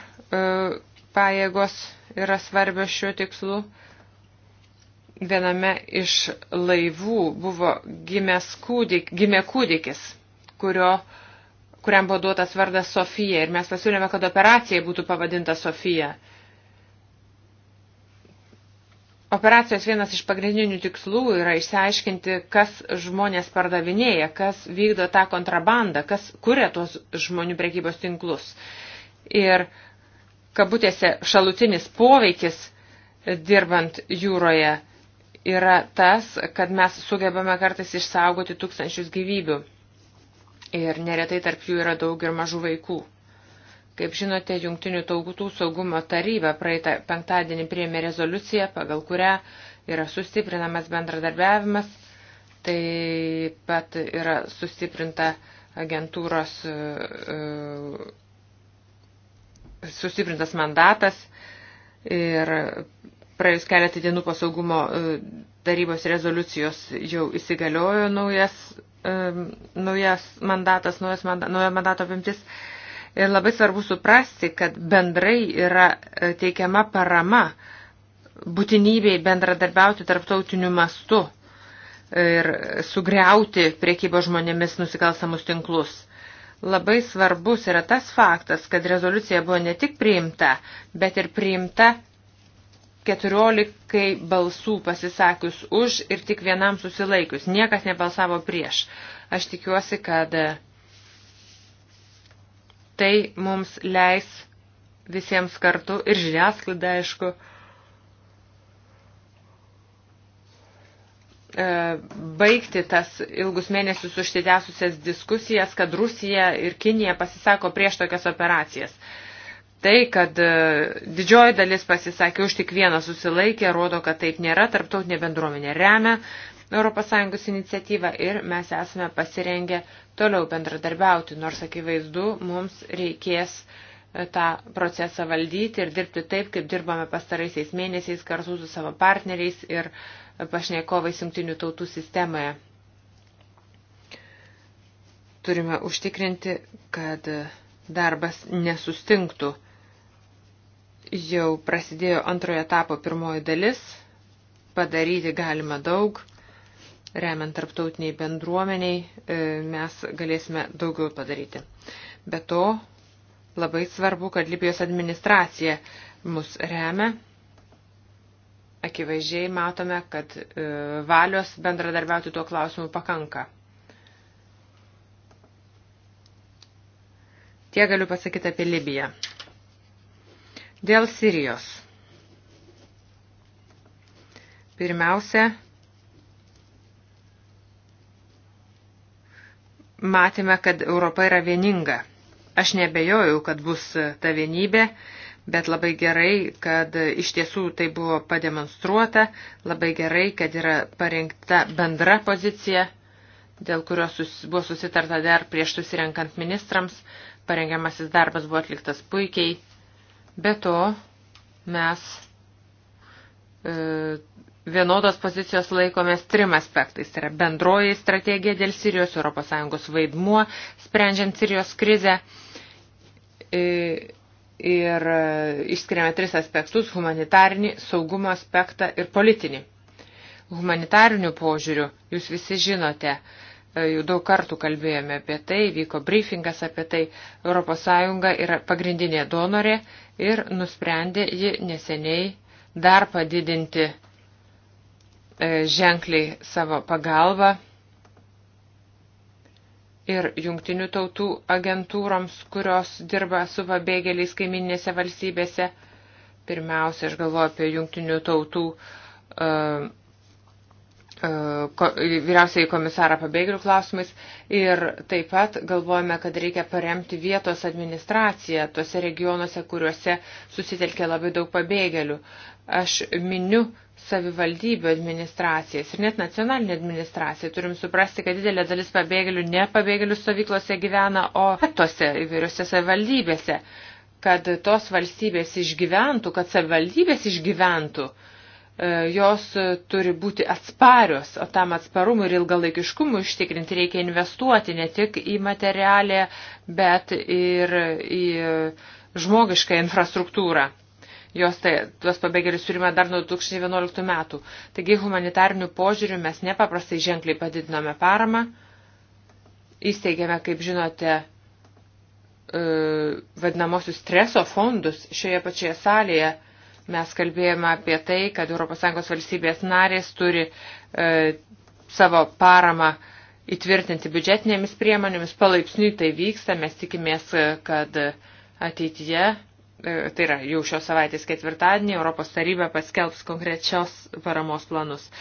pajėgos yra svarbios šiuo tikslu viename iš laivų buvo gimęs kūdik, gimė kūdikis, kurio, kuriam buvo duotas vardas Sofija. Ir mes pasiūlėme, kad operacija būtų pavadinta Sofija. Operacijos vienas iš pagrindinių tikslų yra išsiaiškinti, kas žmonės pardavinėja, kas vykdo tą kontrabandą, kas kuria tuos žmonių prekybos tinklus. Ir kabutėse šalutinis poveikis dirbant jūroje yra tas, kad mes sugebame kartais išsaugoti tūkstančius gyvybių. Ir neretai tarp jų yra daug ir mažų vaikų. Kaip žinote, Junktinių tautų saugumo taryba praeitą penktadienį priėmė rezoliuciją, pagal kurią yra sustiprinamas bendradarbiavimas, taip pat yra sustiprinta agentūros, e, e, sustiprintas mandatas ir praėjus keletą dienų po saugumo e, tarybos rezoliucijos jau įsigaliojo naujas, e, naujas mandatas, naujas manda, nauja mandato apimtis. Ir labai svarbu suprasti, kad bendrai yra e, teikiama parama būtinybei bendradarbiauti tarptautiniu mastu ir sugriauti priekybos žmonėmis nusikalstamus tinklus labai svarbus yra tas faktas, kad rezoliucija buvo ne tik priimta, bet ir priimta 14 balsų pasisakius už ir tik vienam susilaikius. Niekas nebalsavo prieš. Aš tikiuosi, kad e, tai mums leis visiems kartu ir žiniasklaida, aišku, e, baigti tas ilgus mėnesius užsitęsusias diskusijas, kad Rusija ir Kinija pasisako prieš tokias operacijas. Tai, kad e, didžioji dalis pasisakė už tik vieną susilaikę, rodo, kad taip nėra, tarptautinė bendruomenė remia ES iniciatyvą ir mes esame pasirengę toliau bendradarbiauti, nors akivaizdu, mums reikės e, tą procesą valdyti ir dirbti taip, kaip dirbame pastaraisiais mėnesiais kartu su savo partneriais ir pašnekovais jungtinių tautų sistemoje. Turime užtikrinti, kad darbas nesustinktų. Jau prasidėjo antrojo etapo pirmoji dalis, padaryti galima daug, remiant tarptautiniai bendruomeniai e, mes galėsime daugiau padaryti. Be to, labai svarbu, kad Libijos administracija mus remia. Akivaizdžiai matome, kad e, valios bendradarbiauti tuo klausimu pakanka. Tie galiu pasakyti apie Libiją. Dėl Sirijos. Pirmiausia, matėme, kad Europa yra vieninga. Aš nebejojau, kad bus ta vienybė, bet labai gerai, kad iš tiesų tai buvo pademonstruota, labai gerai, kad yra parengta bendra pozicija, dėl kurios sus, buvo susitarta dar prieš susirenkant ministrams, parengiamasis darbas buvo atliktas puikiai Be to, mes e, vienodos pozicijos laikomės trim aspektais. Tai yra bendroji strategija dėl Sirijos, ES vaidmuo, sprendžiant Sirijos krizę. E, ir e, išskiriame tris aspektus – humanitarinį, saugumo aspektą ir politinį. Humanitarinių požiūrių jūs visi žinote – E, jau daug kartų kalbėjome apie tai, vyko briefingas apie tai, ES yra pagrindinė donorė ir nusprendė ji neseniai dar padidinti e, ženkliai savo pagalbą ir jungtinių tautų agentūroms, kurios dirba su pabėgėliais kaiminėse valstybėse. Pirmiausia, aš galvoju apie jungtinių tautų uh, E, vyriausiai komisarą pabėgėlių klausimais ir taip pat galvojame, kad reikia paremti vietos administraciją tose regionuose, kuriuose susitelkia labai daug pabėgėlių. Aš miniu savivaldybių administracijas ir net nacionalinė administracija. Turim suprasti, kad didelė dalis pabėgėlių ne pabėgėlių stovyklose gyvena, o tose įvairiose savivaldybėse kad tos valstybės išgyventų, kad savivaldybės išgyventų, uh, E, jos turi būti atsparios, o tam atsparumui ir ilgalaikiškumui ištikrinti reikia investuoti ne tik į materialę, bet ir į žmogišką infrastruktūrą. Jos tai, tuos pabėgėlius turime dar nuo 2011 metų. Taigi humanitarnių požiūrių mes nepaprastai ženkliai padidinome paramą. Įsteigėme, kaip žinote, e, vadinamosius streso fondus šioje pačioje salėje Mes kalbėjome apie tai, kad ES valstybės narės turi e, savo paramą įtvirtinti biudžetinėmis priemonėmis. Palaipsniui tai vyksta. Mes tikimės, kad ateityje, e, tai yra jau šios savaitės ketvirtadienį, Europos taryba paskelbs konkrečios paramos planus. E,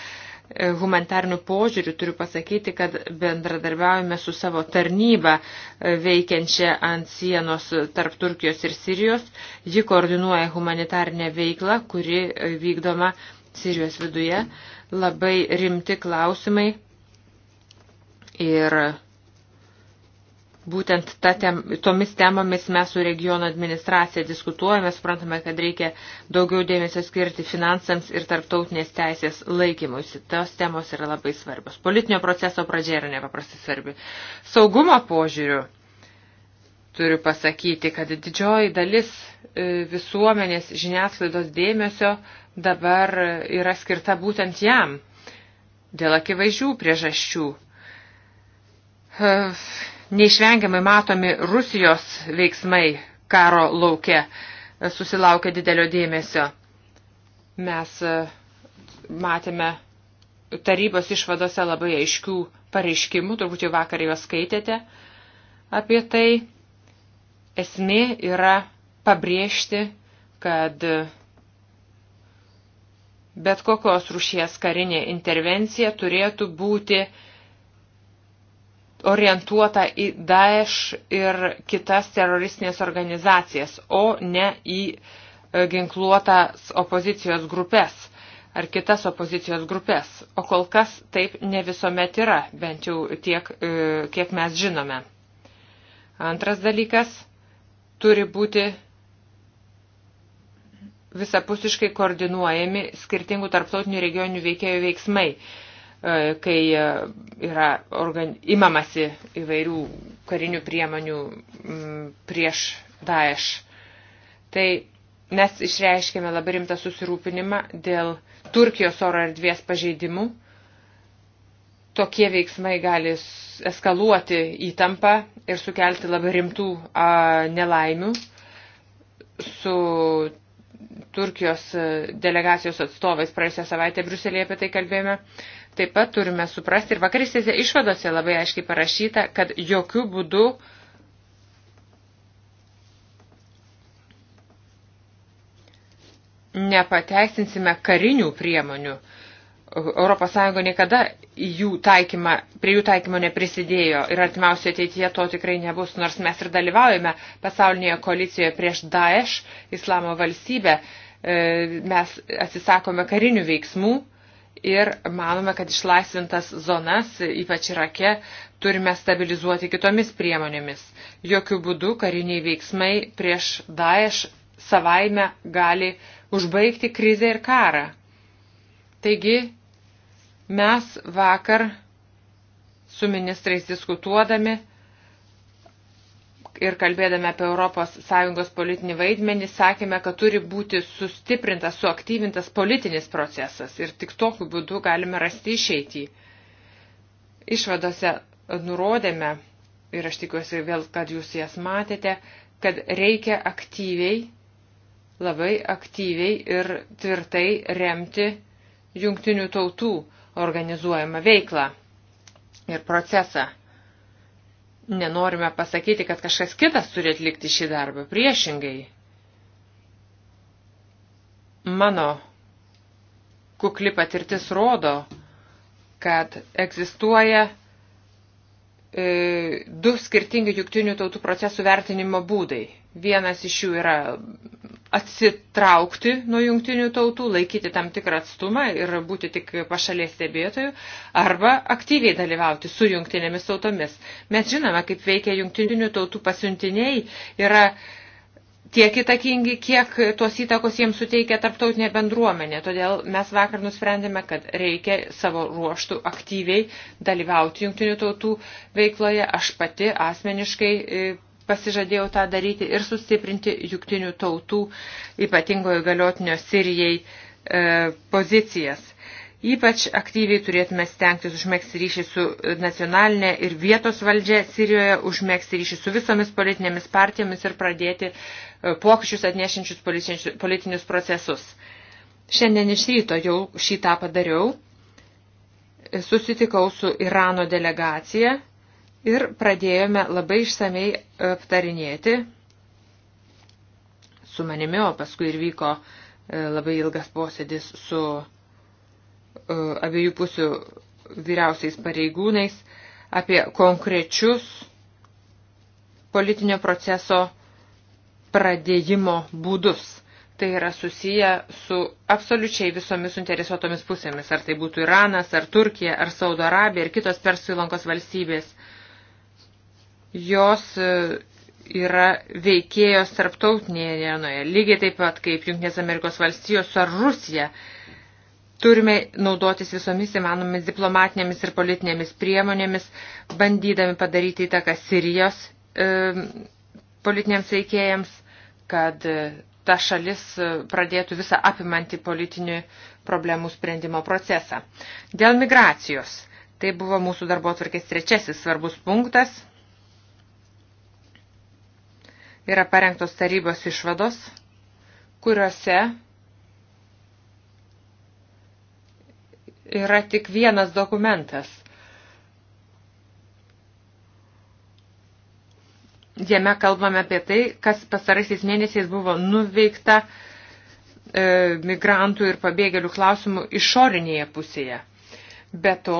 E, humanitarnių požiūrių turiu pasakyti, kad bendradarbiaujame su savo tarnyba e, veikiančia ant sienos tarp Turkijos ir Sirijos. Ji koordinuoja humanitarnę veiklą, kuri e, vykdoma Sirijos viduje. Labai rimti klausimai ir Būtent ta tem, tomis temomis mes su regiono administracija diskutuojame, suprantame, kad reikia daugiau dėmesio skirti finansams ir tarptautinės teisės laikymuisi. Tos temos yra labai svarbios. Politinio proceso pradžia yra nepaprastai svarbi. Saugumo požiūriu turiu pasakyti, kad didžioji dalis e, visuomenės žiniasklaidos dėmesio dabar yra skirta būtent jam dėl akivaizdžių priežasčių neišvengiamai matomi Rusijos veiksmai karo lauke susilaukia didelio dėmesio. Mes e, matėme tarybos išvadose labai aiškių pareiškimų, turbūt jau vakar juos skaitėte apie tai. Esmė yra pabrėžti, kad bet kokios rušies karinė intervencija turėtų būti uh, orientuota į Daesh ir kitas teroristinės organizacijas, o ne į e, ginkluotas opozicijos grupės ar kitas opozicijos grupės. O kol kas taip ne visuomet yra, bent jau tiek, e, kiek mes žinome. Antras dalykas - turi būti visapusiškai koordinuojami skirtingų tarptautinių regionių veikėjų veiksmai. E, kai e, yra organ... imamasi įvairių karinių priemonių prieš Daesh. Tai mes išreiškėme labai rimtą susirūpinimą dėl Turkijos oro erdvės pažeidimų. Tokie veiksmai gali eskaluoti įtampą ir sukelti labai rimtų a, nelaimių. Su Turkijos e, delegacijos atstovais praėjusią savaitę Briuselėje apie tai kalbėjome. Taip pat turime suprasti ir vakarysėse išvadose labai aiškiai parašyta, kad jokių būdų nepateisinsime karinių priemonių. ES niekada jų taikymą, prie jų taikymo neprisidėjo ir artimiausioje ateityje to tikrai nebus, nors mes ir dalyvaujame pasaulinėje koalicijoje prieš Daesh, Islamo valstybę, e, mes atsisakome karinių veiksmų, ir manome, kad išlaisvintas zonas, ypač Irake, turime stabilizuoti kitomis priemonėmis. Jokių būdų kariniai veiksmai prieš Daesh savaime gali užbaigti krizę ir karą. Taigi, mes vakar su ministrais diskutuodami, ir kalbėdami apie ES politinį vaidmenį sakėme, kad turi būti sustiprintas, suaktyvintas politinis procesas ir tik tokiu būdu galime rasti išeitį. Išvadose nurodėme, ir aš tikiuosi vėl, kad jūs jas matėte, kad reikia aktyviai, labai aktyviai ir tvirtai remti jungtinių tautų organizuojamą veiklą ir procesą. Nenorime pasakyti, kad kažkas kitas turi atlikti šį darbą. Priešingai, mano kukli patirtis rodo, kad egzistuoja E, du skirtingi jungtinių tautų procesų vertinimo būdai. Vienas iš jų yra atsitraukti nuo jungtinių tautų, laikyti tam tikrą atstumą ir būti tik pašalės stebėtojų, arba aktyviai dalyvauti su jungtinėmis tautomis. Mes žinome, kaip veikia jungtinių tautų pasiuntiniai, yra tiek įtakingi, kiek tos įtakos jiems suteikia tarptautinė bendruomenė. Todėl mes vakar nusprendėme, kad reikia savo ruoštų aktyviai dalyvauti jungtinių tautų veikloje. Aš pati asmeniškai e, pasižadėjau tą daryti ir sustiprinti jungtinių tautų ypatingojo galiotinio Sirijai e, pozicijas. Ypač aktyviai turėtume stengtis užmėgsti ryšį su nacionalinė ir vietos valdžia Sirijoje, užmėgsti ryšį su visomis politinėmis partijomis ir pradėti e, pokyčius atnešinčius politinius procesus. Šiandien iš ryto jau šitą padariau, e, susitikau su Irano delegacija ir pradėjome labai išsamei aptarinėti su manimi, o paskui ir vyko e, labai ilgas posėdis su E, abiejų pusių vyriausiais pareigūnais apie konkrečius politinio proceso pradėjimo būdus. Tai yra susiję su absoliučiai visomis suinteresuotomis pusėmis, ar tai būtų Iranas, ar Turkija, ar Saudo Arabija, ar kitos Persilankos valstybės. Jos e, yra veikėjos tarptautinėje arenoje, lygiai taip pat kaip Junktinės Amerikos valstijos ar Rusija Turime naudotis visomis įmanomis diplomatinėmis ir politinėmis priemonėmis, bandydami padaryti įtaką Sirijos e, politiniams veikėjams, kad e, ta šalis e, pradėtų visą apimantį politinių problemų sprendimo procesą. Dėl migracijos. Tai buvo mūsų darbo atvarkės trečiasis svarbus punktas. Yra parengtos tarybos išvados, kuriuose yra tik vienas dokumentas. Jame kalbame apie tai, kas pasaraisiais mėnesiais buvo nuveikta e, migrantų ir pabėgėlių klausimų išorinėje pusėje. Be to,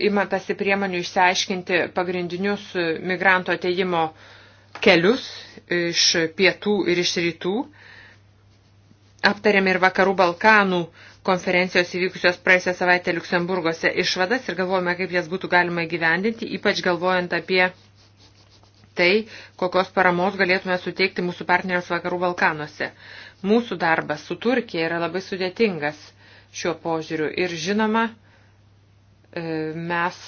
imatasi priemonių išsiaiškinti pagrindinius migrantų ateimo kelius iš pietų ir iš rytų. Aptarėme ir vakarų Balkanų konferencijos įvykusios praėjusią savaitę Luksemburgose išvadas ir galvojame, kaip jas būtų galima įgyvendinti, ypač galvojant apie tai, kokios paramos galėtume suteikti mūsų partneriams Vakarų Balkanuose. Mūsų darbas su Turkija yra labai sudėtingas šiuo požiūriu ir žinoma, e, mes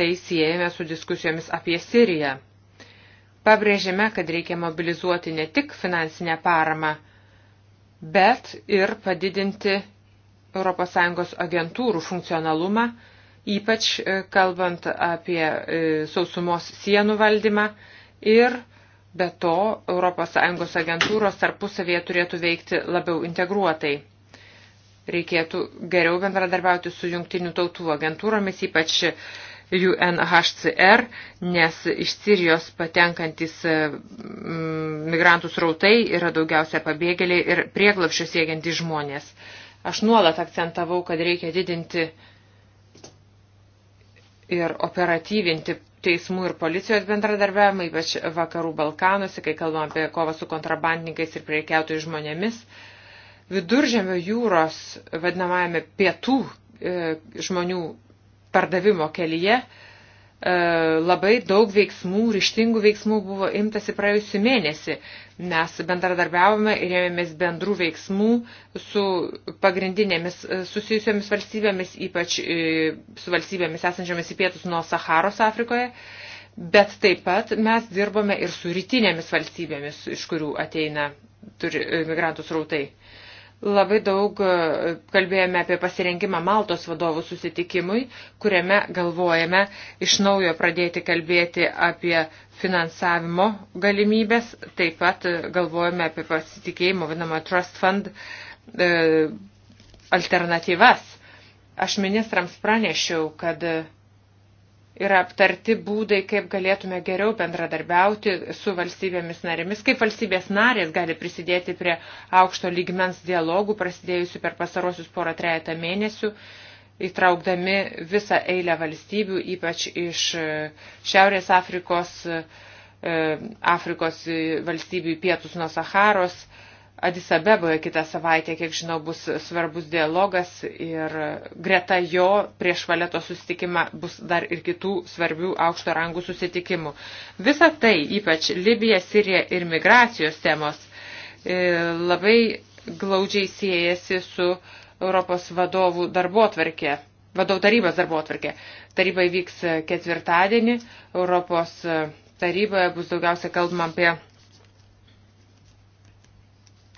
tai siejame su diskusijomis apie Siriją. Pabrėžėme, kad reikia mobilizuoti ne tik finansinę paramą, bet ir padidinti ES agentūrų funkcionalumą, ypač e, kalbant apie e, sausumos sienų valdymą ir be to ES agentūros tarpusavėje turėtų veikti labiau integruotai. Reikėtų geriau bendradarbiauti su jungtinių tautų agentūromis, ypač UNHCR, nes iš Sirijos patenkantis e, migrantų srautai yra daugiausia pabėgėliai ir prieglapščio siekiantys žmonės. Aš nuolat akcentavau, kad reikia didinti ir operatyvinti teismų ir policijos bendradarbiavimą, ypač vakarų Balkanuose, kai kalbam apie kovą su kontrabandininkais ir priekiautojų žmonėmis. Viduržėmio jūros vadinamajame pietų e, žmonių pardavimo kelyje e, E, labai daug veiksmų, ryštingų veiksmų buvo imtasi praėjusiu mėnesį. Mes bendradarbiavome ir ėmėmės bendrų veiksmų su pagrindinėmis e, susijusiomis valstybėmis, ypač e, su valstybėmis esančiomis į pietus nuo Saharos Afrikoje. Bet taip pat mes dirbome ir su rytinėmis valstybėmis, iš kurių ateina turi, migrantų srautai. Labai daug e, kalbėjome apie pasirengimą Maltos vadovų susitikimui, kuriame galvojame iš naujo pradėti kalbėti apie finansavimo galimybės, taip pat e, galvojame apie pasitikėjimo, vadinamą Trust Fund e, alternatyvas. Aš ministrams pranešiau, kad yra aptarti būdai, kaip galėtume geriau bendradarbiauti su valstybėmis narėmis, kaip valstybės narės gali prisidėti prie aukšto lygmens dialogų, prasidėjusių per pasarosius porą trejata mėnesių, įtraukdami visą eilę valstybių, ypač iš e, Šiaurės Afrikos, e, Afrikos e, valstybių pietus nuo Saharos, Adisabeboje kitą savaitę, kiek žinau, bus svarbus dialogas ir greta jo prieš valeto susitikimą bus dar ir kitų svarbių aukšto rangų susitikimų. Visa tai, ypač Libija, Sirija ir migracijos temos, e, labai glaudžiai siejasi su Europos vadovų darbo tvarkė. Vadovų tarybos darbo atvarkė. Taryba įvyks ketvirtadienį, Europos taryboje bus daugiausia kalbama apie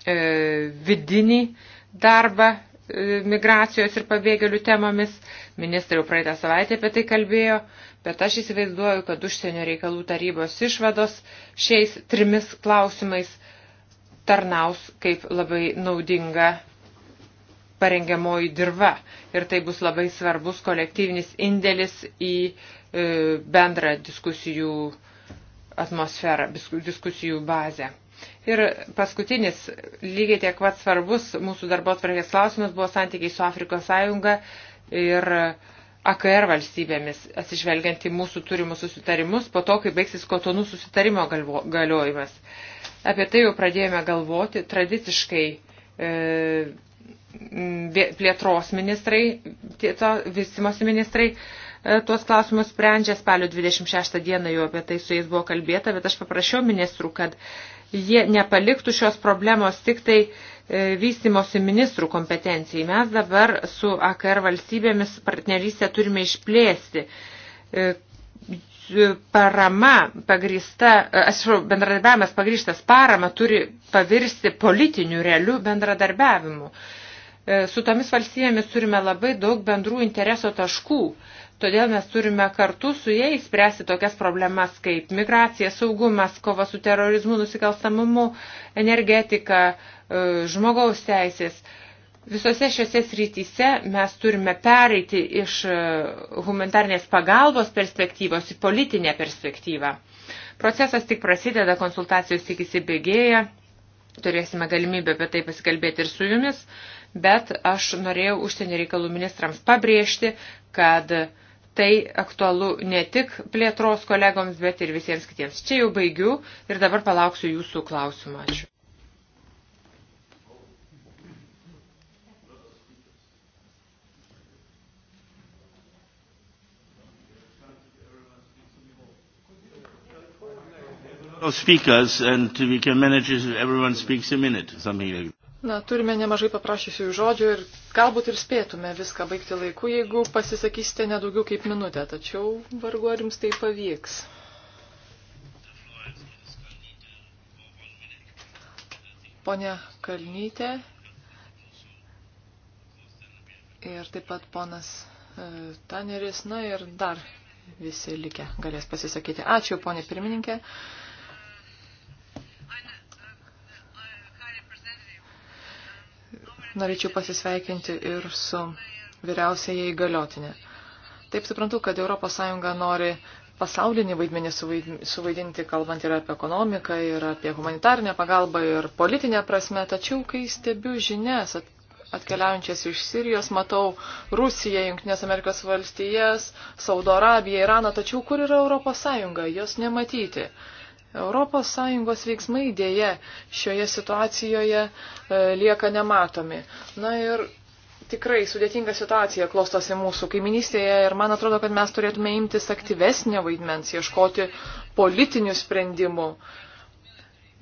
E, vidinį darbą e, migracijos ir pabėgėlių temomis. Ministrai jau praeitą savaitę apie tai kalbėjo, bet aš įsivaizduoju, kad užsienio reikalų tarybos išvados šiais trimis klausimais tarnaus kaip labai naudinga parengiamoji dirba. Ir tai bus labai svarbus kolektyvinis indėlis į e, bendrą diskusijų atmosferą, diskusijų bazę. Ir paskutinis, lygiai tiek pat svarbus mūsų darbo atvarkės klausimas buvo santykiai su Afrikos sąjunga ir AKR valstybėmis, atsižvelgiant į mūsų turimus susitarimus, po to, kai baigsis kotonų susitarimo galvo, galiojimas. Apie tai jau pradėjome galvoti. Tradiciškai e, plėtros ministrai, tieto, vystimosi ministrai E, tuos klausimus sprendžia. Spalio 26 dieną jau apie tai su jais buvo kalbėta, bet aš paprašiau ministrų, kad jie nepaliktų šios problemos tik tai e, vystimosi ministrų kompetencijai. Mes dabar su AKR valstybėmis partnerystę turime išplėsti. E, parama pagrįsta, atsiprašau, bendradarbiavimas pagrįstas parama turi pavirsti politiniu realiu bendradarbiavimu. Su tomis valstybėmis turime labai daug bendrų intereso taškų. Todėl mes turime kartu su jais spręsti tokias problemas kaip migracija, saugumas, kova su terorizmu, nusikalstamumu, energetika, e, žmogaus teisės. Visose šiose srityse mes turime pereiti iš e, humanitarnės pagalbos perspektyvos į politinę perspektyvą. Procesas tik prasideda, konsultacijos tik įsibėgėja, turėsime galimybę apie tai pasikalbėti ir su jumis, bet aš norėjau užsienio reikalų ministrams pabrėžti, kad uh, tai aktualu ne tik plėtros kolegoms, bet ir visiems kitiems. Čia jau baigiu ir dabar palauksiu jūsų klausimą. Ačiū. Speakers and we can manage if everyone speaks a minute, something like that. Na, turime nemažai paprašysių žodžių ir galbūt ir spėtume viską baigti laiku, jeigu pasisakysite nedaugiau kaip minutę, tačiau vargu ar jums tai pavyks. Pone Kalnytė ir taip pat ponas e, Taneris, na ir dar visi likę galės pasisakyti. Ačiū, ponė pirmininkė. norėčiau pasisveikinti ir su vyriausiaje įgaliotinė. Taip suprantu, kad ES nori pasaulinį vaidmenį suvaidinti, kalbant ir apie ekonomiką, ir apie humanitarinę pagalbą, ir politinę prasme, tačiau kai stebiu žinias atkeliaujančias iš Sirijos, matau Rusiją, Junktinės Amerikos valstijas, Saudo Arabiją, Iraną, tačiau kur yra Europos Sąjunga, jos nematyti. ES veiksmai dėje šioje situacijoje e, lieka nematomi. Na ir tikrai sudėtinga situacija klostosi mūsų kaiminystėje ir man atrodo, kad mes turėtume imtis aktyvesnio vaidmens, ieškoti politinių sprendimų.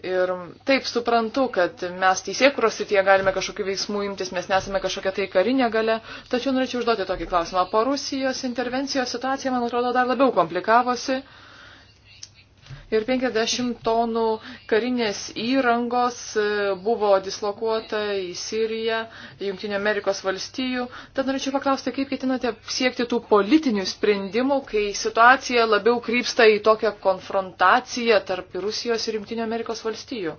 Ir taip suprantu, kad mes teisėkuros sityje galime kažkokių veiksmų imtis, mes nesame kažkokia tai karinė gale, tačiau norėčiau užduoti tokį klausimą. Po Rusijos intervencijos situacija, man atrodo, dar labiau komplikavosi. Uh, ir 50 tonų karinės įrangos e, buvo dislokuota į Siriją, Junktinio Amerikos valstijų. Tad norėčiau paklausti, kaip ketinate siekti tų politinių sprendimų, kai situacija labiau krypsta į tokią konfrontaciją tarp Rusijos ir Junktinio Amerikos valstijų?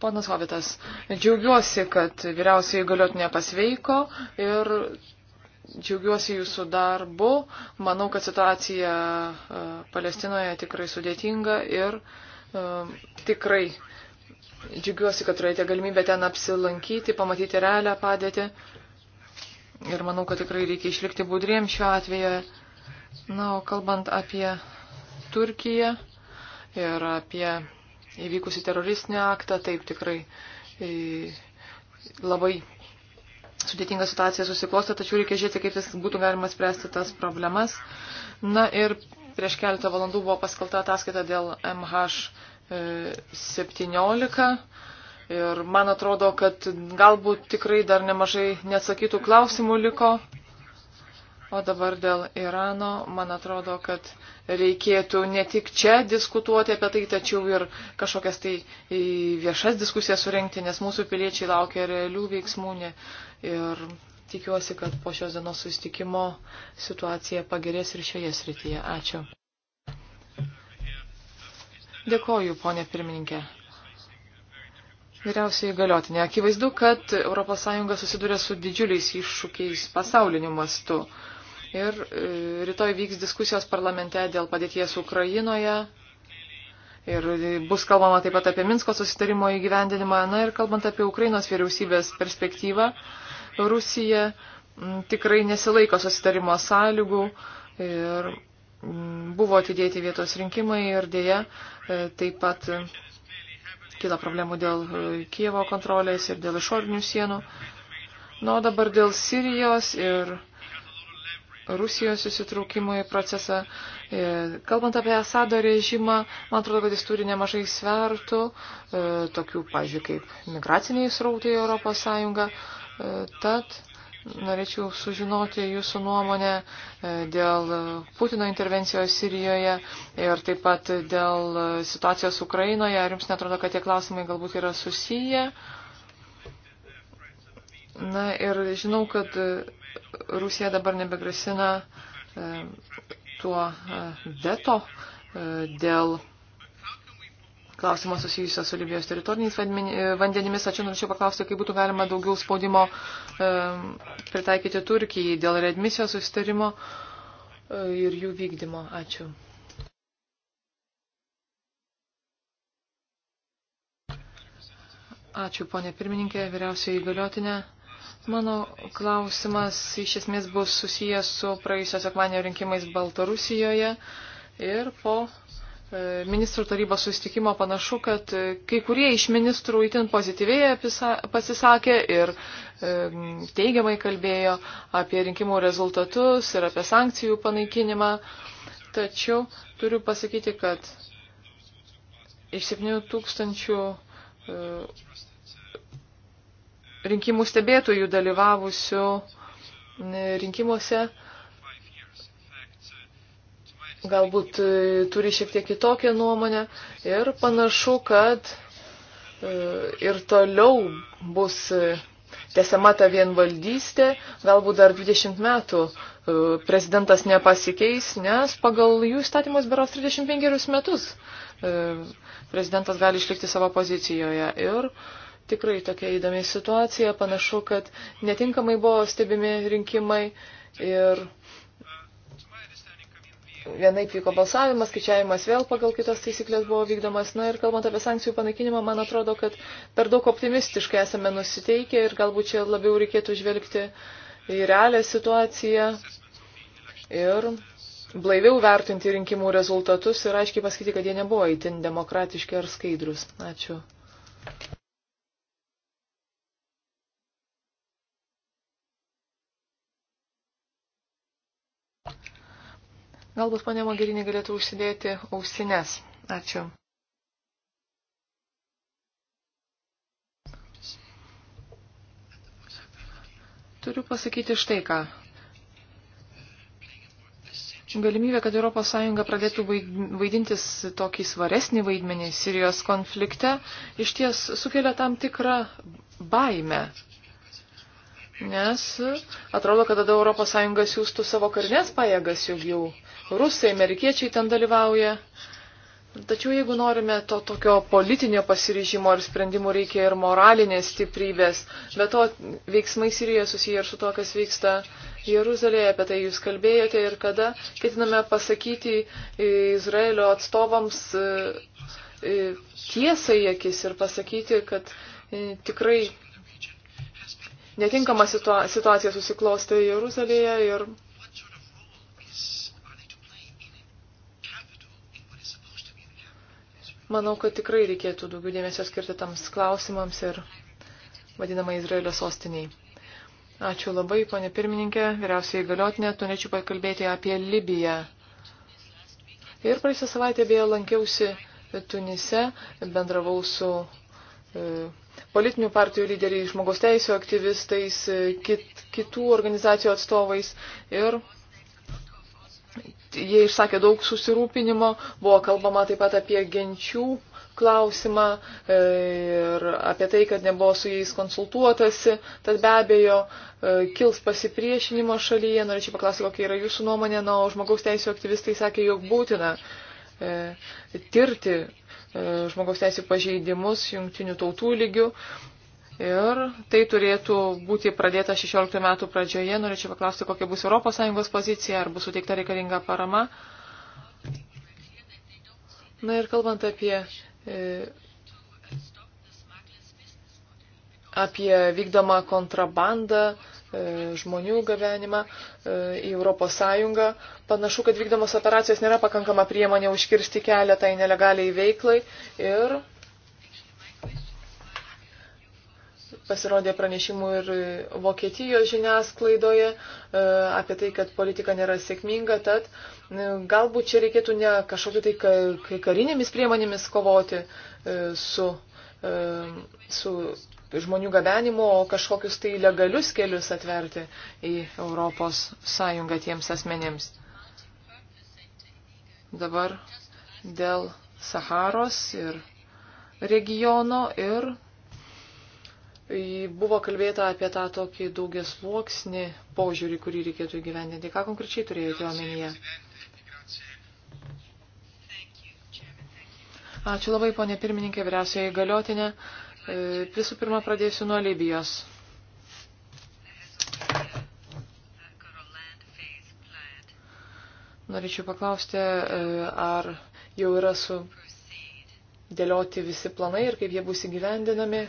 Ponas Hovitas, džiaugiuosi, kad vyriausiai galiotinė pasveiko ir džiaugiuosi jūsų darbu. Manau, kad situacija e, Palestinoje tikrai sudėtinga ir e, tikrai džiaugiuosi, kad turėjote galimybę ten apsilankyti, pamatyti realią padėtį. Ir manau, kad tikrai reikia išlikti budriem šiuo atveju. Na, o kalbant apie Turkiją ir apie įvykusi teroristinį aktą, taip tikrai e, labai sudėtinga situacija susiklosta, tačiau reikia žiūrėti, kaip vis būtų galima spręsti tas problemas. Na ir prieš keletą valandų buvo paskalta ataskaita dėl MH17. E, ir man atrodo, kad galbūt tikrai dar nemažai neatsakytų klausimų liko. O dabar dėl Irano, man atrodo, kad reikėtų ne tik čia diskutuoti apie tai, tačiau ir kažkokias tai viešas diskusijas surenkti, nes mūsų piliečiai laukia realių veiksmų. Ne, ir tikiuosi, kad po šios dienos sustikimo situacija pagerės ir šioje srityje. Ačiū. Dėkoju, ponė pirmininkė. Vyriausiai galiotinė. Akivaizdu, kad ES susiduria su didžiuliais iššūkiais pasauliniu mastu. Ir e, rytoj vyks diskusijos parlamente dėl padėties Ukrainoje. Ir bus kalbama taip pat apie Minsko susitarimo įgyvendinimą. Na ir kalbant apie Ukrainos vyriausybės perspektyvą, Rusija tikrai nesilaiko susitarimo sąlygų ir buvo atidėti vietos rinkimai ir dėja e, taip pat e, kila problemų dėl Kievo kontrolės ir dėl išorinių sienų. Na, o dabar dėl Sirijos ir Rusijos įsitraukimo į procesą. E, kalbant apie Asado režimą, man atrodo, kad jis turi nemažai svertų, e, tokių, pažiūrėjau, kaip migraciniai srautai Europos Sąjunga. E, tad norėčiau sužinoti jūsų nuomonę dėl Putino intervencijos Sirijoje ir taip pat dėl situacijos Ukrainoje. Ar jums netrodo, kad tie klausimai galbūt yra susiję? Uh, Na ir žinau, kad e, Rusija dabar nebegrasina e, tuo e, veto dėl klausimo susijusio su Libijos teritoriniais vandenimis. Ačiū, norėčiau paklausti, kaip būtų galima daugiau spaudimo pritaikyti Turkijai dėl readmisijos susitarimo ir jų vykdymo. Ačiū. Ačiū, ponė pirmininkė, vyriausiai įgaliotinė. Mano klausimas iš esmės bus susijęs su praėjusios sekmanio rinkimais Baltarusijoje ir po e, ministrų tarybos susitikimo panašu, kad e, kai kurie iš ministrų itin pozityviai pasisakė ir e, teigiamai kalbėjo apie rinkimų rezultatus ir apie sankcijų panaikinimą. Tačiau turiu pasakyti, kad iš 7 tūkstančių rinkimų stebėtojų dalyvavusių rinkimuose galbūt e, turi šiek tiek kitokią nuomonę ir panašu, kad e, ir toliau bus e, tęsiama ta vienvaldystė, galbūt dar 20 metų prezidentas nepasikeis, nes pagal jų statymus beros 35 metus prezidentas gali išlikti savo pozicijoje. Ir tikrai tokia įdomi situacija. Panašu, kad netinkamai buvo stebimi rinkimai ir vienaip vyko balsavimas, skaičiavimas vėl pagal kitas taisyklės buvo vykdomas. Na ir kalbant apie sankcijų panaikinimą, man atrodo, kad per daug optimistiškai esame nusiteikę ir galbūt čia labiau reikėtų žvelgti į realią situaciją ir blaiviau vertinti rinkimų rezultatus ir aiškiai pasakyti, kad jie nebuvo įtin demokratiški ar skaidrus. Ačiū. Galbūt ponė Mogerinė galėtų užsidėti ausines. Ačiū. Turiu pasakyti štai ką. Galimybė, kad ES pradėtų vaidintis tokį svaresnį vaidmenį Sirijos konflikte, iš ties sukelia tam tikrą baimę Nes atrodo, kad tada ES siūstų savo karinės pajėgas, juk jau rusai, amerikiečiai ten dalyvauja. Tačiau jeigu norime to tokio politinio pasiryžimo ir sprendimų reikia ir moralinės stiprybės, bet to veiksmai Sirijoje susiję ir su to, kas vyksta Jeruzalėje, apie tai jūs kalbėjote ir kada ketiname pasakyti Izraelio atstovams e, e, tiesą į akis ir pasakyti, kad e, tikrai netinkama situa situacija susiklostė Jeruzalėje ir manau, kad tikrai reikėtų daugiau dėmesio skirti tams klausimams ir vadinamai Izraelio sostiniai. Ačiū labai, ponė pirmininkė, vyriausiai galiotinė, norėčiau pakalbėti apie Libiją. Ir praėjusią savaitę beje lankiausi Tunise, bendravau su e, politinių partijų lyderiai, žmogaus teisų aktyvistais, kit, kitų organizacijų atstovais. Ir jie išsakė daug susirūpinimo, buvo kalbama taip pat apie genčių klausimą e, ir apie tai, kad nebuvo su jais konsultuotasi, tad be abejo e, kils pasipriešinimo šalyje. Norėčiau paklausyti, kokia yra jūsų nuomonė, na, o žmogaus teisų aktyvistai sakė, jog būtina e, tirti E, žmogaus teisų pažeidimus jungtinių tautų lygių. Ir tai turėtų būti pradėta 16 metų pradžioje. Norėčiau paklausti, kokia bus ES pozicija, ar bus suteikta reikalinga parama. Na ir kalbant apie, e, apie vykdomą kontrabandą, E, žmonių gabenimą e, į Europos Sąjungą. Panašu, kad vykdomos operacijos nėra pakankama priemonė užkirsti kelią tai nelegaliai veiklai ir pasirodė pranešimų ir Vokietijos žiniasklaidoje e, apie tai, kad politika nėra sėkminga, tad galbūt čia reikėtų ne kažkokiu tai karinėmis priemonėmis kovoti su, su Tai žmonių gabenimu, o kažkokius tai legalius kelius atverti į Europos Sąjungą tiems asmenėms. Dabar dėl Saharos ir regiono ir buvo kalbėta apie tą tokį daugias sluoksnį požiūrį, kurį reikėtų įgyvendinti. Ką konkrečiai turėjote omenyje? Ačiū labai, ponė pirmininkė, vyriausioje įgaliotinė. E, visų pirma, pradėsiu nuo Libijos. Norėčiau paklausti, e, ar jau yra su dėlioti visi planai ir kaip jie bus įgyvendinami.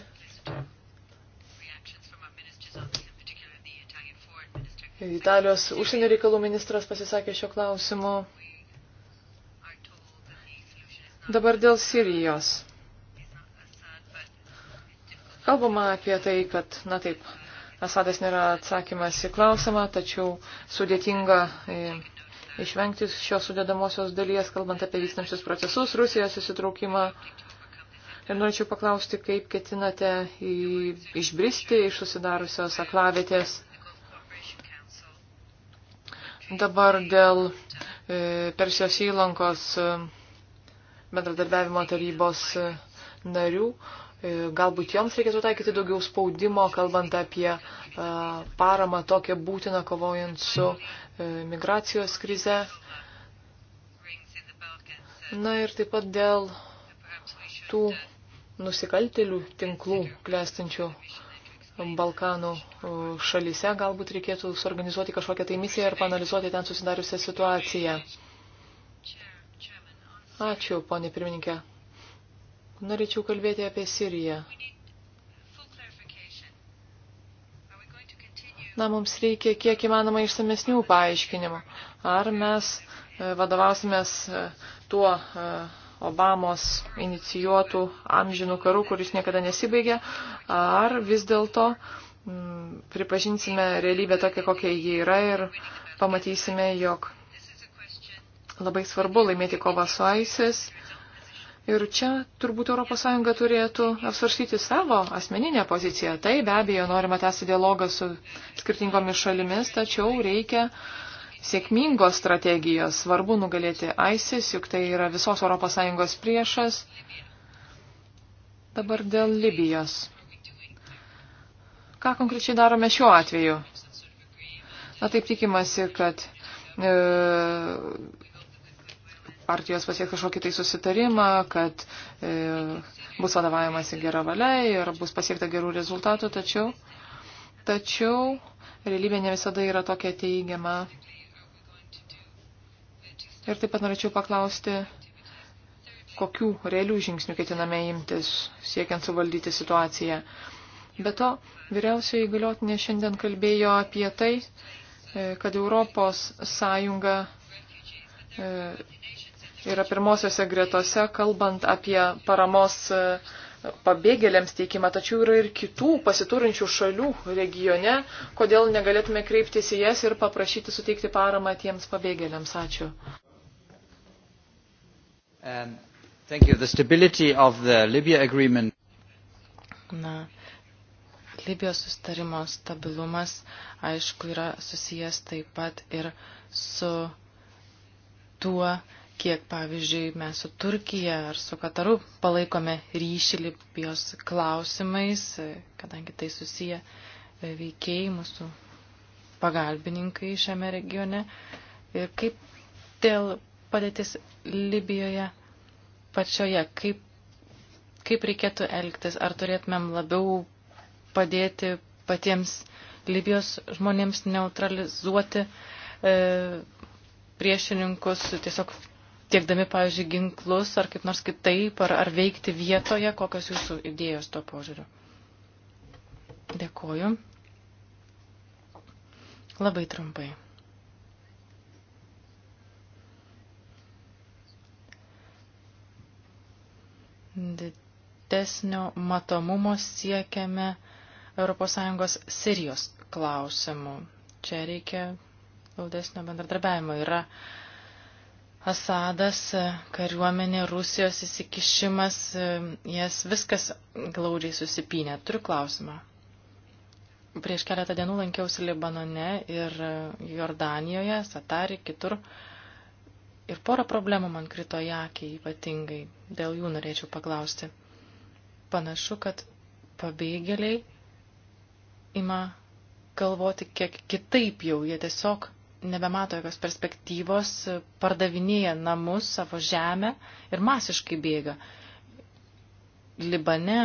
Italijos užsienio reikalų ministras pasisakė šio klausimu. Dabar dėl Sirijos. Kalbama apie tai, kad, na taip, Asadas nėra atsakymas į klausimą, tačiau sudėtinga e, išvengti šios sudėdamosios dalies, kalbant apie vykstančius procesus, Rusijos įsitraukimą. Ir norėčiau paklausti, kaip ketinate į, išbristi iš susidariusios aklavėtės. Dabar dėl e, Persijos įlankos e, bendradarbiavimo tarybos e, narių. E, E, galbūt joms reikėtų taikyti daugiau spaudimo, kalbant apie e, paramą tokią būtiną kovojant su e, migracijos krize. Na ir taip pat dėl tų nusikaltelių tinklų klestančių Balkanų šalyse galbūt reikėtų suorganizuoti kažkokią tai misiją ir panalizuoti ten susidariusią situaciją. Ačiū, ponė pirmininkė. Norėčiau kalbėti apie Siriją. Na, mums reikia kiek įmanoma išsamesnių paaiškinimų. Ar mes e, vadovausimės e, tuo e, Obamos inicijuotų amžinų karų, kuris niekada nesibaigia, ar vis dėlto pripažinsime realybę tokią, kokia ji yra ir pamatysime, jog labai svarbu laimėti kovą su ISIS Ir čia turbūt ES turėtų apsvarstyti savo asmeninę poziciją. Tai be abejo norima tęsti dialogą su skirtingomis šalimis, tačiau reikia sėkmingos strategijos. Svarbu nugalėti ISIS, juk tai yra visos ES priešas. Dabar dėl Libijos. Ką konkrečiai darome šiuo atveju? Na taip tikimasi, kad e, partijos pasieks kažkokį tai susitarimą, kad e, bus vadovavimasi gera valia ir bus pasiekta gerų rezultatų, tačiau, tačiau realybė ne visada yra tokia teigiama. Ir taip pat norėčiau paklausti, kokių realių žingsnių ketiname imtis, siekiant suvaldyti situaciją. Be to, vyriausioji galiotinė šiandien kalbėjo apie tai, e, kad Europos Sąjunga e, yra pirmosiose gretose, kalbant apie paramos e, pabėgėliams teikimą, tačiau yra ir kitų pasiturinčių šalių regione, kodėl negalėtume kreiptis į jas ir paprašyti suteikti paramą tiems pabėgėliams. Ačiū. Um, Na, Libijos sustarimo stabilumas, aišku, yra susijęs taip pat ir su tuo, kiek, pavyzdžiui, mes su Turkija ar su Kataru palaikome ryšį Libijos klausimais, kadangi tai susiję e, veikėjai, mūsų pagalbininkai šiame regione. Ir kaip dėl padėtis Libijoje pačioje, kaip, kaip reikėtų elgtis, ar turėtumėm labiau padėti patiems Libijos žmonėms neutralizuoti e, priešininkus, tiesiog tiekdami, pavyzdžiui, ginklus ar kaip nors kitaip, ar, ar veikti vietoje, kokios jūsų idėjos tuo požiūriu. Dėkoju. Labai trumpai. Didesnio matomumo siekiame ES Sirijos klausimų. Čia reikia glaudesnio bendradarbiavimo. Yra uh, Asadas, kariuomenė, Rusijos įsikišimas, e, jas viskas glaudžiai susipinė. Turiu klausimą. Prieš keletą dienų lankiausi Libanone ir e, Jordanijoje, Satari, kitur. Ir porą problemų man krito į akį ypatingai. Dėl jų norėčiau paklausti. Panašu, kad pabėgėliai ima galvoti kiek kitaip jau. Jie tiesiog nebemato jokios perspektyvos, pardavinėja namus, savo žemę ir masiškai bėga. Libane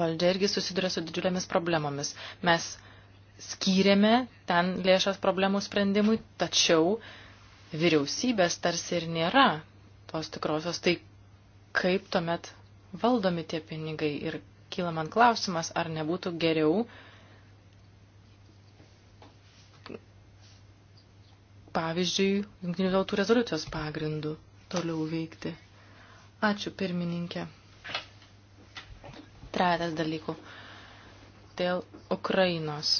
valdžia irgi susiduria su didžiulėmis problemomis. Mes skyrėme ten lėšas problemų sprendimui, tačiau vyriausybės tarsi ir nėra tos tikrosios. Tai kaip tuomet valdomi tie pinigai ir kyla man klausimas, ar nebūtų geriau uh, pavyzdžiui, jungtinių tautų rezoliucijos pagrindų toliau veikti. Ačiū, pirmininkė. Trejatas dalykų. Dėl Ukrainos.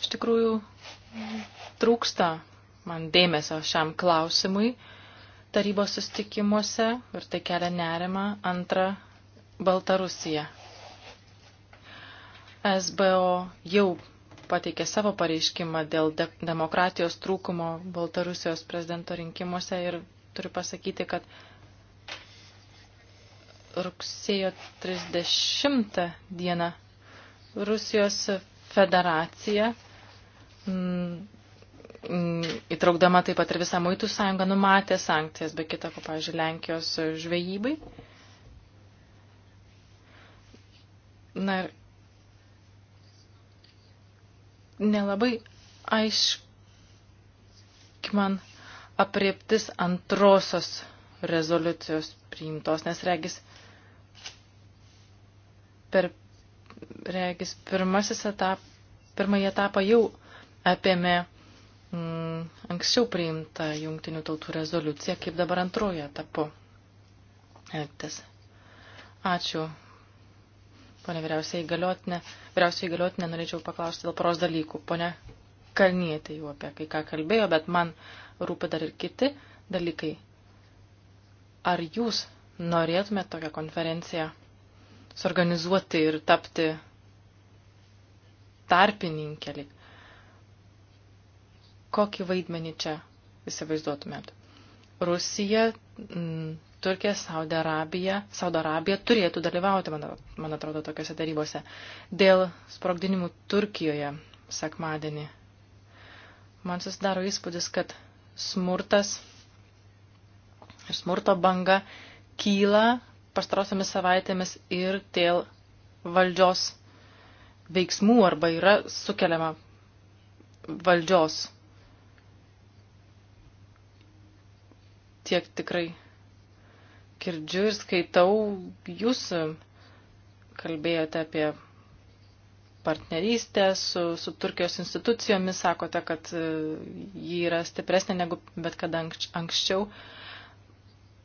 Iš tikrųjų, trūksta man dėmesio šiam klausimui tarybos sustikimuose ir tai kelia nerima antra Baltarusija. SBO jau pateikė savo pareiškimą dėl de demokratijos trūkumo Baltarusijos prezidento rinkimuose ir turiu pasakyti, kad rugsėjo 30 dieną Rusijos federacija m, mm, mm, įtraukdama taip pat ir visą muitų sąjungą numatė sankcijas, be kita, ko, pavyzdžiui, Lenkijos žvejybai. Na ir nelabai aiški man aprieptis antrosios rezoliucijos priimtos, nes regis, per, regis pirmasis etap, pirmąjį etapą jau apėmė mm, anksčiau priimta jungtinių tautų rezoliucija, kaip dabar antroji etapu elgtis. Ačiū Pone vyriausiai galiotinė, vyriausiai galiotinė norėčiau paklausti dėl poros dalykų. Pone Kalnietė jau apie kai ką kalbėjo, bet man rūpi dar ir kiti dalykai. Ar jūs norėtumėt tokią konferenciją suorganizuoti ir tapti tarpininkė? Kokį vaidmenį čia įsivaizduotumėt? Rusija mm, Turkija, Saudo Arabija, Saudo Arabija turėtų dalyvauti, man, man atrodo, tokiuose darybose dėl sprogdinimų Turkijoje sekmadienį. Man susidaro įspūdis, kad smurtas ir smurto banga kyla pastarosiamis savaitėmis ir dėl valdžios veiksmų arba yra sukeliama valdžios tiek tikrai girdžiu ir skaitau, jūs kalbėjote apie partnerystę su, su Turkijos institucijomis, sakote, kad e, ji yra stipresnė negu bet kada anksčiau.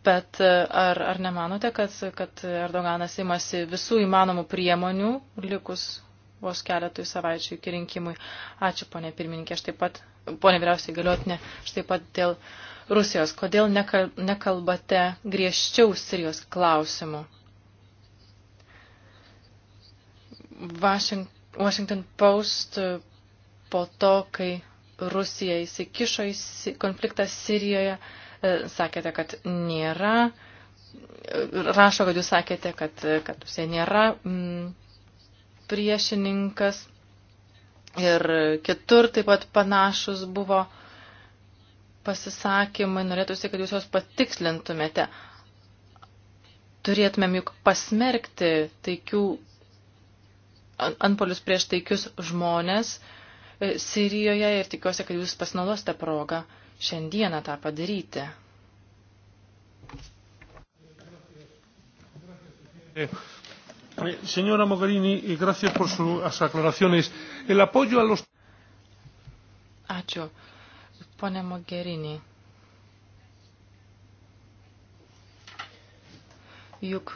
Bet e, ar, ar nemanote, kad, kad Erdoganas imasi visų įmanomų priemonių, likus vos keletui savaičių iki rinkimui. Ačiū, ponė pirmininkė, aš taip pat, ponė vyriausiai galiotinė, aš taip pat dėl Rusijos. Kodėl nekalbate griežčiau Sirijos klausimų? Washington Post po to, kai Rusija įsikišo į konfliktą Sirijoje, e, sakėte, kad nėra, rašo, kad jūs sakėte, kad, kad Rusija nėra. Mm, priešininkas ir kitur taip pat panašus buvo pasisakymai. Norėtųsi, kad jūs juos patikslintumėte. Turėtumėm juk pasmerkti taikių antpolius prieš taikius žmonės e, Sirijoje ir tikiuosi, kad jūs pasinaudosite progą šiandieną tą padaryti. Taip. Eh, señora Mogherini, gracias por sus aclaraciones. El apoyo a los. Ačiū. Pone Mogherini. Juk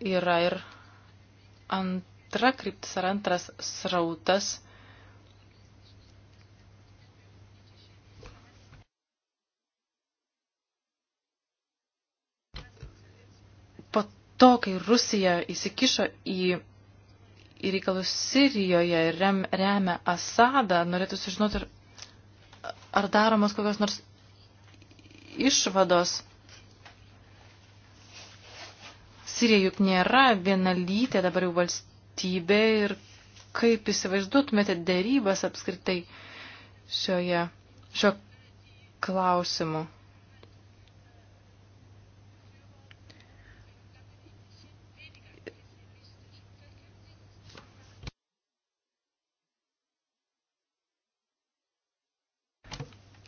yra ir antra kryptis ar antras srautas to, kai Rusija įsikišo į, į reikalus Sirijoje ir rem, remia Asadą, norėtų sužinoti, ar, ar daromas kokios nors išvados. Sirija juk nėra vienalytė dabar jau valstybė ir kaip įsivaizduotumėte dėrybas apskritai šioje, šio klausimu.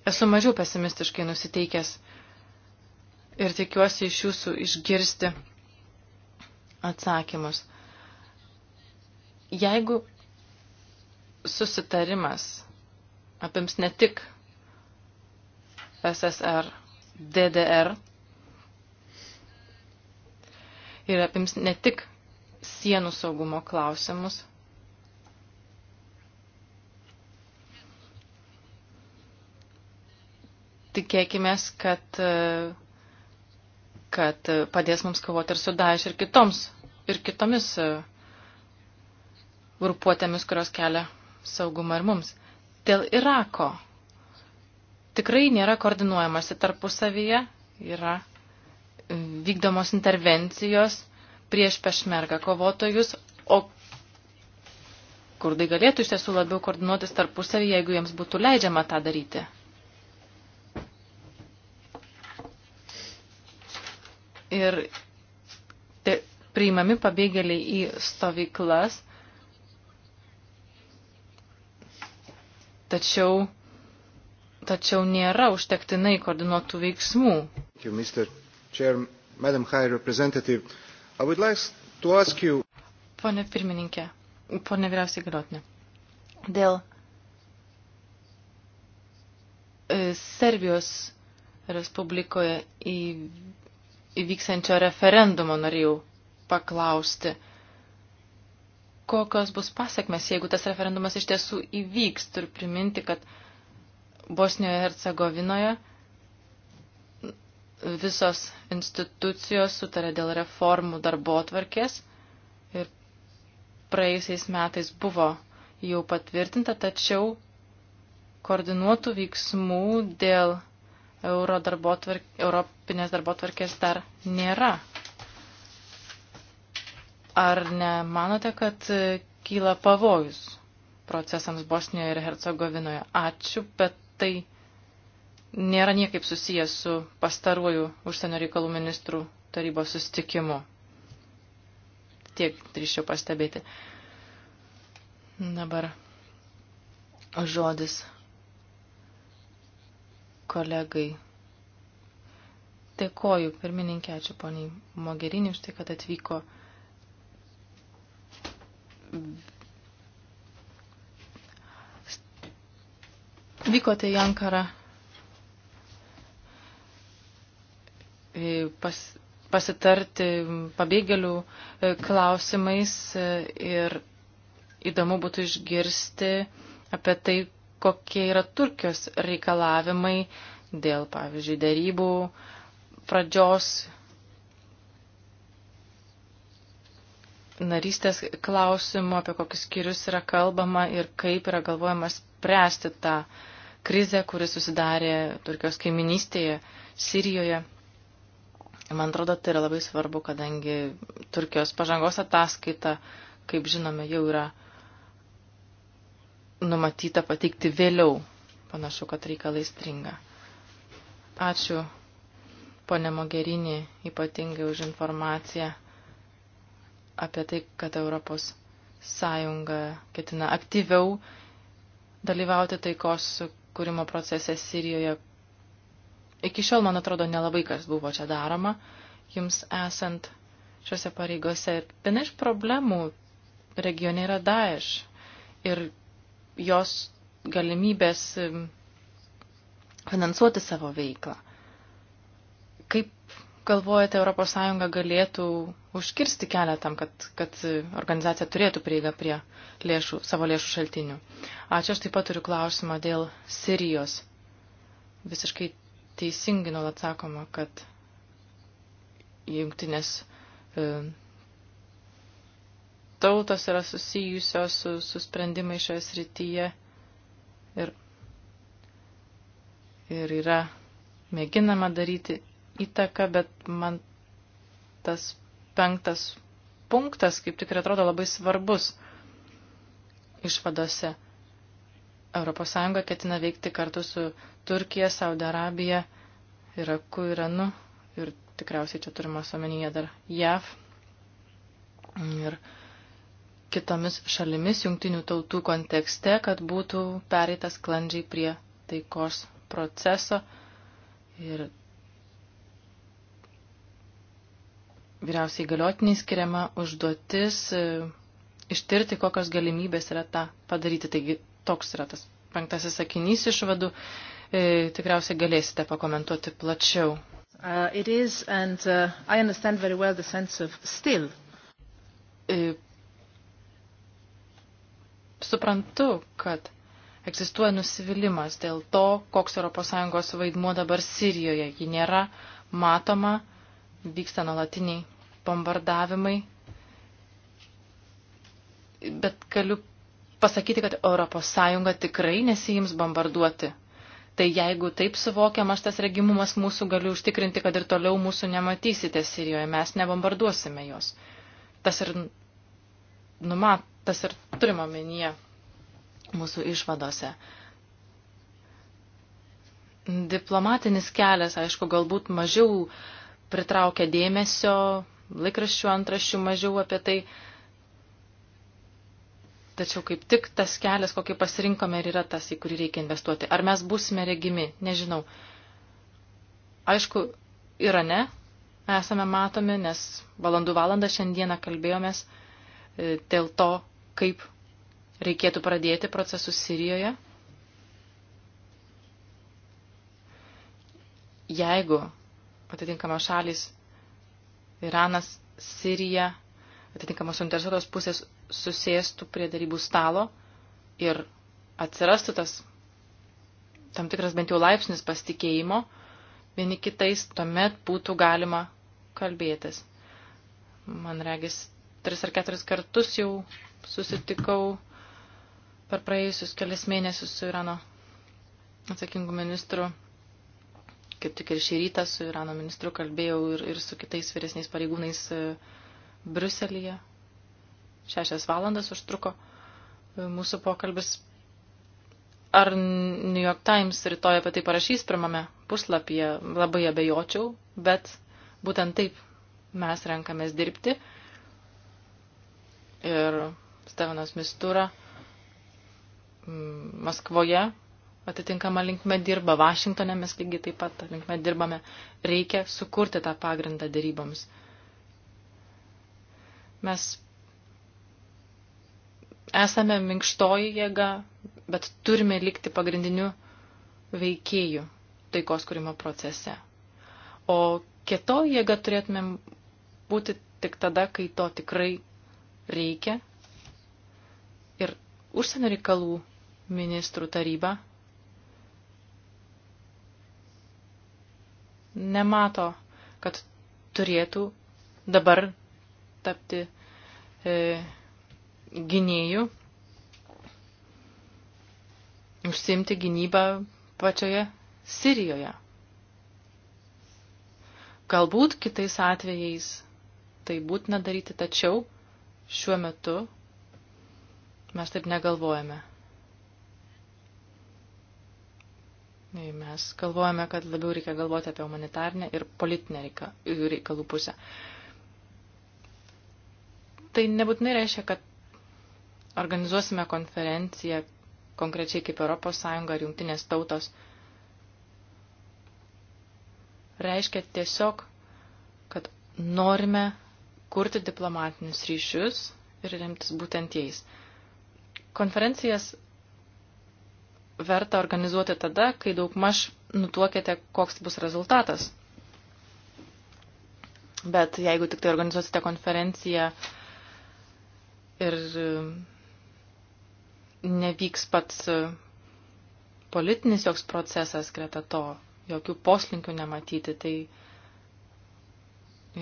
esu mažiau pesimistiškai nusiteikęs ir tikiuosi iš jūsų išgirsti atsakymus. Jeigu susitarimas apims ne tik SSR, DDR ir apims ne tik sienų saugumo klausimus, tikėkime, kad, kad padės mums kovoti ir su Daesh ir, kitoms, ir kitomis grupuotėmis, kurios kelia saugumą ir mums. Dėl Irako tikrai nėra koordinuojamasi tarpusavyje, yra vykdomos intervencijos prieš pešmergą kovotojus, o kurdai galėtų iš tiesų labiau koordinuotis tarpusavyje, jeigu jiems būtų leidžiama tą daryti. ir te, priimami pabėgėliai į stovyklas. Tačiau, tačiau nėra užtektinai koordinuotų veiksmų. You, Chair, like you... Pone pirmininkė, pone vyriausiai galiotinė, dėl e, Serbijos Respublikoje į įvyksančio referendumo norėjau paklausti. Kokios bus pasiekmes, jeigu tas referendumas iš tiesų įvyks? Turiu priminti, kad Bosnijoje ir Hercegovinoje visos institucijos sutarė dėl reformų darbo tvarkės ir praėjusiais metais buvo jau patvirtinta, tačiau koordinuotų veiksmų dėl euro darbo tvark, Europ, Europinės darbo tvarkės dar nėra. Ar nemanote, kad e, kyla pavojus procesams Bosnijoje ir Hercegovinoje? Ačiū, bet tai nėra niekaip susijęs su pastaruoju užsienio reikalų ministrų tarybos sustikimu. Tiek drįščiau pastebėti. Dabar žodis kolegai Dėkoju, pirmininkė, ačiū poniai Mogerinį už tai, kad atvyko vykote į Ankarą e, pas, pasitarti pabėgėlių e, klausimais e, ir įdomu būtų išgirsti apie tai, kokie yra Turkijos reikalavimai dėl, pavyzdžiui, darybų pradžios narystės klausimų, apie kokius skyrius yra kalbama ir kaip yra galvojama spręsti tą krizę, kuri susidarė Turkijos kaiminystėje, Sirijoje. Man atrodo, tai yra labai svarbu, kadangi Turkijos pažangos ataskaita, kaip žinome, jau yra numatyta pateikti vėliau. Panašu, kad reikalai stringa. Ačiū ponė Mogerinį ypatingai už informaciją apie tai, kad Europos Sąjunga ketina aktyviau dalyvauti taikos kūrimo procese Sirijoje. Iki šiol, man atrodo, nelabai kas buvo čia daroma jums esant šiuose pareigose. Ir viena iš problemų regione yra Daesh ir jos galimybės finansuoti savo veiklą. Kaip galvojate, ES galėtų užkirsti kelią tam, kad, kad organizacija turėtų prieigą prie lėšų, savo lėšų šaltinių? Ačiū, aš taip pat turiu klausimą dėl Sirijos. Visiškai teisingai nuolat sakoma, kad jungtinės e, tautos yra susijusios su, su sprendimai šioje srityje ir, ir yra mėginama daryti įtaką, bet man tas penktas punktas kaip tik ir atrodo labai svarbus išvadose. ES ketina veikti kartu su Turkija, Saudi Arabija, Iraku, Iranu ir tikriausiai čia turimas omenyje dar JAV ir kitomis šalimis jungtinių tautų kontekste, kad būtų pereitas klandžiai prie taikos proceso ir vyriausiai galiotiniai skiriama užduotis e, ištirti, kokios galimybės yra tą padaryti. Taigi toks yra tas penktasis sakinys išvadų. E, tikriausiai galėsite pakomentuoti plačiau. Uh, it is, and uh, I understand very well the sense of still. E, suprantu, kad egzistuoja nusivylimas dėl to, koks ES vaidmuo dabar Sirijoje. Ji nėra matoma vyksta nuolatiniai bombardavimai. Bet galiu pasakyti, kad ES tikrai nesijims bombarduoti. Tai jeigu taip suvokiamas tas regimumas mūsų, galiu užtikrinti, kad ir toliau mūsų nematysite Sirijoje, mes nebombarduosime jos. Tas ir numat, tas ir turima menyje mūsų išvadose. Diplomatinis kelias, aišku, galbūt mažiau uh, pritraukia dėmesio, laikraščių antraščių mažiau apie tai. Tačiau kaip tik tas kelias, kokį pasirinkome, ir yra tas, į kurį reikia investuoti. Ar mes būsime regimi, nežinau. Aišku, yra ne, esame matomi, nes valandų valandą šiandieną kalbėjomės e, dėl to, kaip reikėtų pradėti procesus Sirijoje. Jeigu atitinkamos šalis Iranas, Sirija, atitinkamos suinteresuotos pusės susėstų prie darybų stalo ir atsirastų tas tam tikras bent jau laipsnis pasitikėjimo vieni kitais, tuomet būtų galima kalbėtis. Man regis, tris ar keturis kartus jau susitikau per praėjusius kelias mėnesius su Irano atsakingu ministru Kaip tik ir šį rytą su Irano ministru kalbėjau ir, ir su kitais vyresniais pareigūnais e, Bruselėje. Šešias valandas užtruko e, mūsų pokalbis. Ar New York Times rytoj apie tai parašys pirmame puslapyje, labai abejočiau, bet būtent taip mes renkamės dirbti. Ir Stevanas Mistura Maskvoje atitinkama linkme dirba, Vašingtonė mes lygiai taip pat linkme dirbame, reikia sukurti tą pagrindą dėryboms. Mes esame minkštoji jėga, bet turime likti pagrindiniu veikėjų taikos kūrimo procese. O kietoji jėga turėtumėm būti tik tada, kai to tikrai reikia. Ir užsienio reikalų ministrų taryba nemato, kad turėtų dabar tapti e, gynėjų, užsimti gynybą pačioje Sirijoje. Galbūt kitais atvejais tai būtina daryti, tačiau šiuo metu mes taip negalvojame. Mes galvojame, kad labiau reikia galvoti apie humanitarnę ir politinę reikalų pusę. Tai nebūtinai reiškia, kad organizuosime konferenciją konkrečiai kaip Europos Sąjunga ar jungtinės tautos. Reiškia tiesiog, kad norime kurti diplomatinius ryšius ir remtis būtent jais. Konferencijas verta organizuoti tada, kai daugmaž nutuokėte, koks bus rezultatas. Bet jeigu tik tai organizuosite konferenciją ir e, nevyks pats e, politinis joks procesas greta to, jokių poslinkių nematyti, tai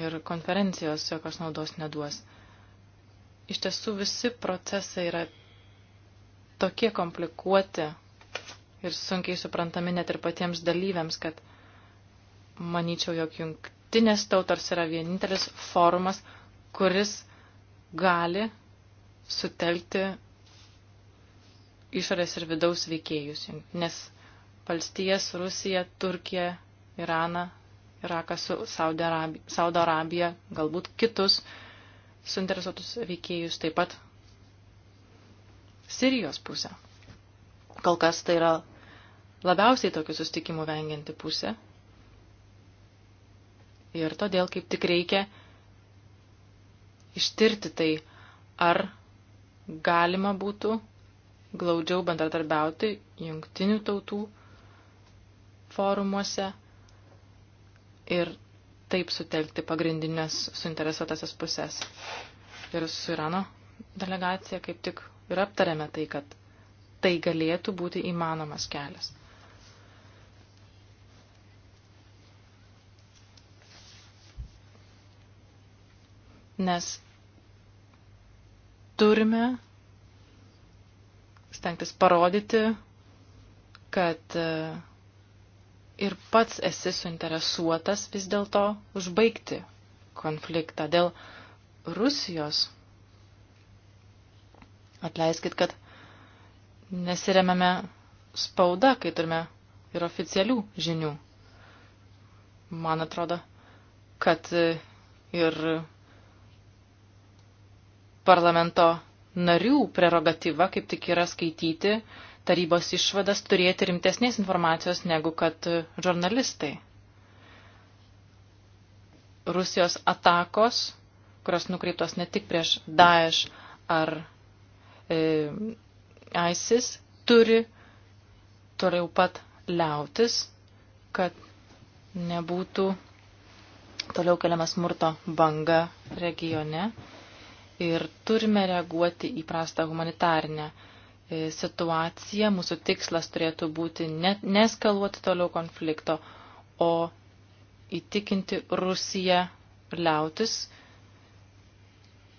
ir konferencijos jokios naudos neduos. Iš tiesų visi procesai yra tokie komplikuoti, ir sunkiai suprantami net ir patiems dalyviams, kad manyčiau, jog jungtinės tautos yra vienintelis forumas, kuris gali sutelkti išorės ir vidaus veikėjus. Nes valstijas, Rusija, Turkija, Iraną, Iraką su Saudo Arabija, Saudo Arabija, galbūt kitus suinteresuotus veikėjus taip pat Sirijos pusę. Kol kas tai yra labiausiai tokių sustikimų vengianti pusė. Ir todėl kaip tik reikia ištirti tai, ar galima būtų glaudžiau bendradarbiauti jungtinių tautų forumuose ir taip sutelkti pagrindinės suinteresuotasias pusės. Ir su Irano delegacija kaip tik ir aptarėme tai, kad tai galėtų būti įmanomas kelias. Nes turime stengtis parodyti, kad e, ir pats esi suinteresuotas vis dėlto užbaigti konfliktą dėl Rusijos. Atleiskit, kad nesiremiame spauda, kai turime ir oficialių žinių. Man atrodo, kad ir parlamento narių prerogatyva kaip tik yra skaityti tarybos išvadas, turėti rimtesnės informacijos negu kad žurnalistai. Rusijos atakos, kurios nukreiptos ne tik prieš Daesh ar e, ISIS turi toliau pat liautis, kad nebūtų toliau keliama smurto banga regione ir turime reaguoti į prastą humanitarinę e, situaciją. Mūsų tikslas turėtų būti ne, neskaluoti toliau konflikto, o įtikinti Rusiją liautis,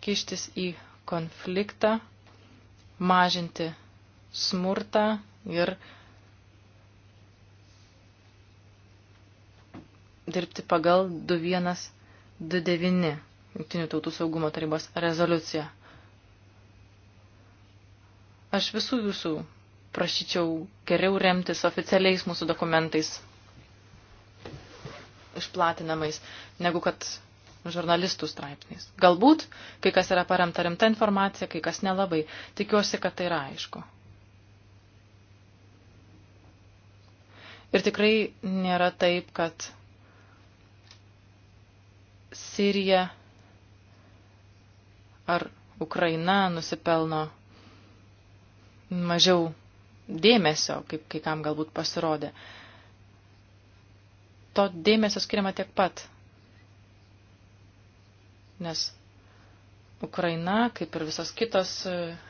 kištis į konfliktą, mažinti smurtą ir dirbti pagal 2129 Junktinių tautų saugumo tarybos rezoliuciją. Aš visų jūsų prašyčiau geriau remtis oficialiais mūsų dokumentais išplatinamais, negu kad žurnalistų straipsniais. Galbūt kai kas yra paremta rimta informacija, kai kas nelabai. Tikiuosi, kad tai yra aišku. Ir tikrai nėra taip, kad Sirija ar Ukraina nusipelno mažiau dėmesio, kaip kai kam galbūt pasirodė. To dėmesio skiriama tiek pat, nes Ukraina, kaip ir visos kitos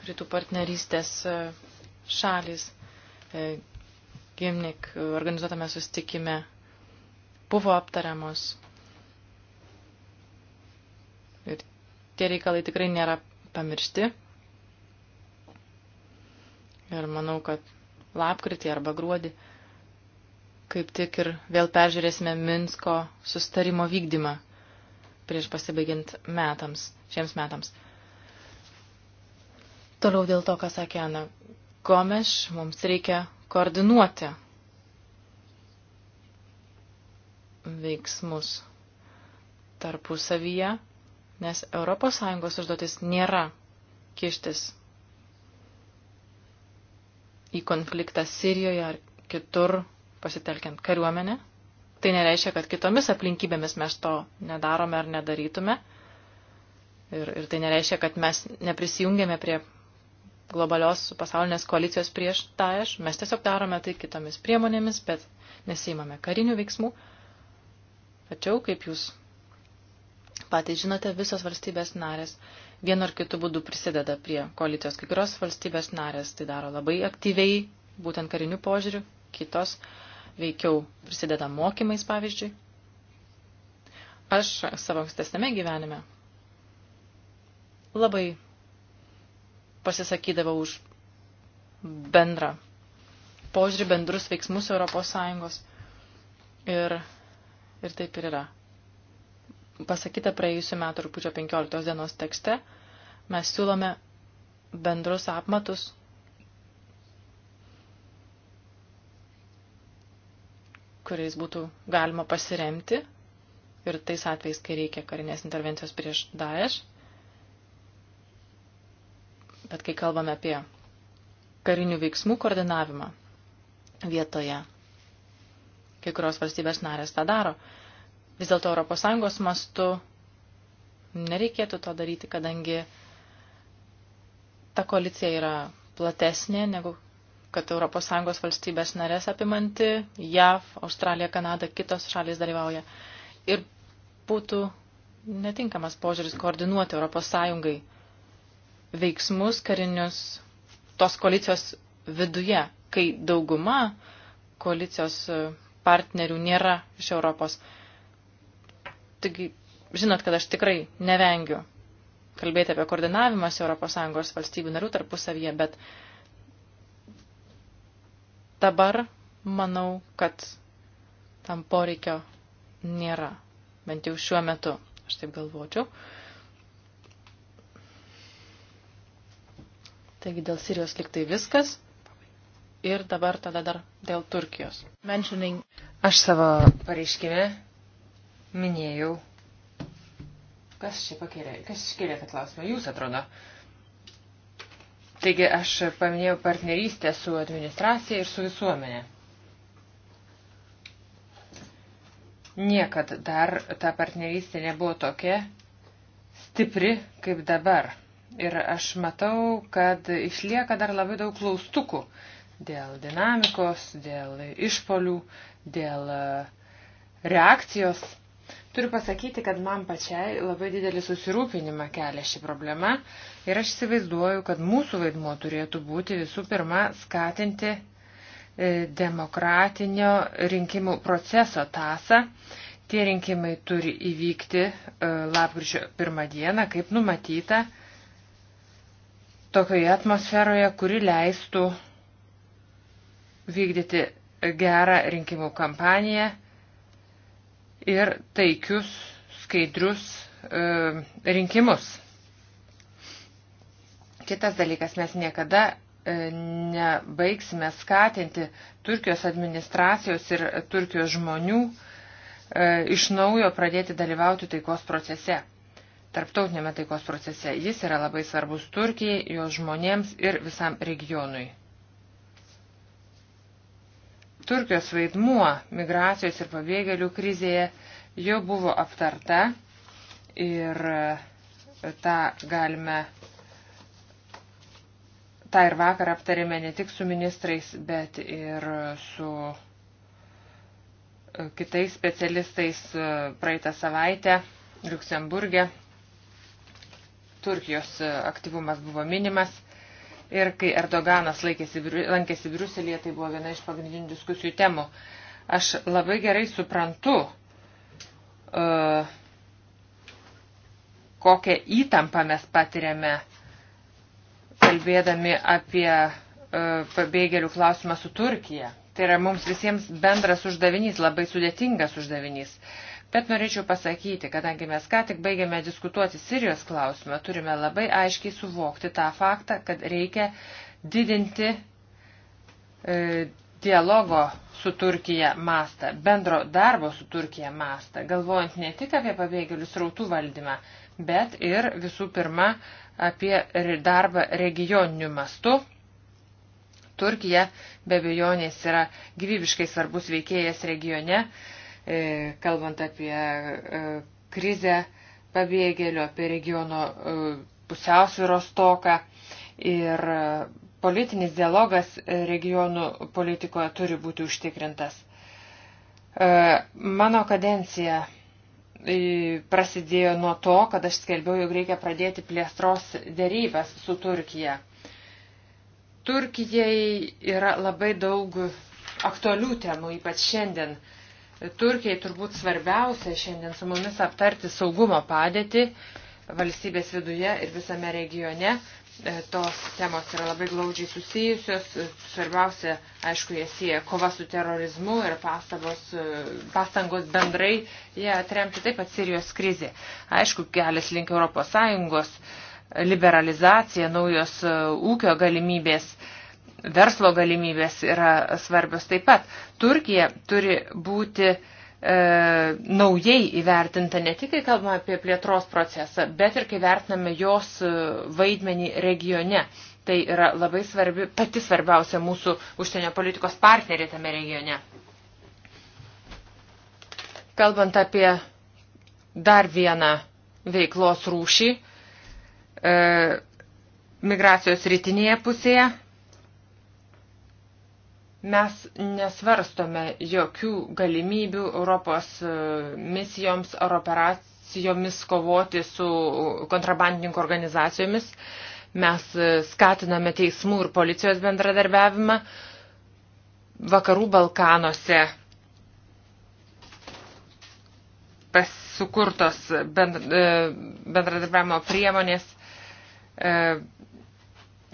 rytų partnerystės šalis, e, Gimnik organizuotame sustikime buvo aptariamos. Ir tie reikalai tikrai nėra pamiršti. Ir manau, kad lapkritį arba gruodį kaip tik ir vėl peržiūrėsime Minsko sustarimo vykdymą prieš pasibaigiant metams, šiems metams. Toliau dėl to, ką sakė Ana Gomeš, mums reikia koordinuoti veiksmus tarpusavyje, nes ES užduotis nėra kištis į konfliktą Sirijoje ar kitur pasitelkiant kariuomenę. Tai nereiškia, kad kitomis aplinkybėmis mes to nedarome ar nedarytume. Ir, ir tai nereiškia, kad mes neprisijungėme prie globalios pasaulinės koalicijos prieš Daesh. Mes tiesiog darome tai kitomis priemonėmis, bet nesijimame karinių veiksmų. Tačiau, kaip jūs patys žinote, visos valstybės narės vienu ar kitu būdu prisideda prie koalicijos. Kai kurios valstybės narės tai daro labai aktyviai, būtent karinių požiūrių, kitos veikiau prisideda mokymais, pavyzdžiui. Aš savo ankstesnėme gyvenime labai pasisakydavo už bendrą požiūrį, bendrus veiksmus Europos Sąjungos. Ir, ir taip ir yra. Pasakyta praėjusiu metu rūpučio 15 dienos tekste, mes siūlome bendrus apmatus, kuriais būtų galima pasiremti ir tais atvejais, kai reikia karinės intervencijos prieš Daesh. Bet kai kalbame apie karinių veiksmų koordinavimą vietoje, kai kurios valstybės narės tą daro, vis dėlto ES mastu nereikėtų to daryti, kadangi ta koalicija yra platesnė negu kad ES valstybės narės apimanti, JAV, Australija, Kanada, kitos šalys dalyvauja. Ir būtų netinkamas požiūris koordinuoti ES veiksmus karinius tos koalicijos viduje, kai dauguma koalicijos partnerių nėra iš Europos. Taigi, žinot, kad aš tikrai nevengiu kalbėti apie koordinavimas ES valstybių narių tarpusavyje, bet dabar manau, kad tam poreikio nėra, bent jau šiuo metu, aš taip galvočiau. Uh, Taigi dėl Sirijos liktai viskas. Ir dabar tada dar dėl Turkijos. Mentioning. Aš savo pareiškime minėjau. Kas čia pakėlė? Kas iškėlė tą klausimą? Jūs atrodo. Taigi aš paminėjau partnerystę su administracija ir su visuomenė. Niekad dar ta partnerystė nebuvo tokia stipri kaip dabar. Ir aš matau, kad išlieka dar labai daug klaustukų dėl dinamikos, dėl išpolių, dėl e, reakcijos. Turiu pasakyti, kad man pačiai labai didelį susirūpinimą kelia ši problema ir aš įsivaizduoju, kad mūsų vaidmuo turėtų būti visų pirma skatinti e, demokratinio rinkimų proceso tasą. Tie rinkimai turi įvykti e, lapkričio pirmą dieną, kaip numatyta, tokioje atmosferoje, kuri leistų vykdyti gerą rinkimų kampaniją ir taikius, skaidrius e, rinkimus. Kitas dalykas, mes niekada e, nebaigsime skatinti Turkijos administracijos ir Turkijos žmonių e, iš naujo pradėti dalyvauti taikos procese tarptautinėme taikos procese. Jis yra labai svarbus Turkijai, jos žmonėms ir visam regionui. Turkijos vaidmuo migracijos ir pabėgėlių krizėje jau buvo aptarta ir e, tą galime, tą ir vakar aptarėme ne tik su ministrais, bet ir su e, kitais specialistais e, praeitą savaitę Luksemburgė Turkijos e, aktyvumas buvo minimas. Ir kai Erdoganas laikėsi, lankėsi Briuselėje, tai buvo viena iš pagrindinių diskusijų temų. Aš labai gerai suprantu, uh, kokią įtampą mes patiriame, kalbėdami apie uh, pabėgėlių klausimą su Turkija. Tai yra mums visiems bendras uždavinys, labai sudėtingas uždavinys. Uh, Bet norėčiau pasakyti, kadangi mes ką tik baigėme diskutuoti Sirijos klausimą, turime labai aiškiai suvokti tą faktą, kad reikia didinti e, dialogo su Turkija mastą, bendro darbo su Turkija mastą, galvojant ne tik apie pabėgėlių srautų valdymą, bet ir visų pirma apie darbą regioniniu mastu. Turkija be bejonės yra gyvybiškai svarbus veikėjas regione, E, kalbant apie e, krizę pabėgėlių, apie regiono e, pusiausvyros toką. Ir politinis dialogas regionų politikoje turi būti užtikrintas. Mano kadencija prasidėjo nuo to, kad aš skelbiau, jog reikia pradėti plėstros dėrybęs su Turkija. Turkijai yra labai daug aktualių temų, ypač šiandien. Uh, Turkijai turbūt svarbiausia šiandien su mumis aptarti saugumo padėtį valstybės viduje ir visame regione. E, tos temos yra labai glaudžiai susijusios. E, svarbiausia, aišku, jie sieja kova su terorizmu ir pastabos, e, pastangos bendrai jie atremti taip pat Sirijos krizė. Aišku, kelias link Europos Sąjungos, liberalizacija, naujos ūkio galimybės verslo galimybės yra svarbios taip pat. Turkija turi būti e, naujai įvertinta ne tik, kai kalbame apie plėtros procesą, bet ir kai vertiname jos e, vaidmenį regione. Tai yra labai svarbi, pati svarbiausia mūsų užsienio politikos partnerė tame regione. Kalbant apie dar vieną veiklos rūšį, e, migracijos rytinėje pusėje Mes nesvarstome jokių galimybių Europos e, misijoms ar operacijomis kovoti su kontrabandininkų organizacijomis. Mes e, skatiname teismų ir policijos bendradarbiavimą vakarų Balkanuose sukurtos e, bendradarbiavimo priemonės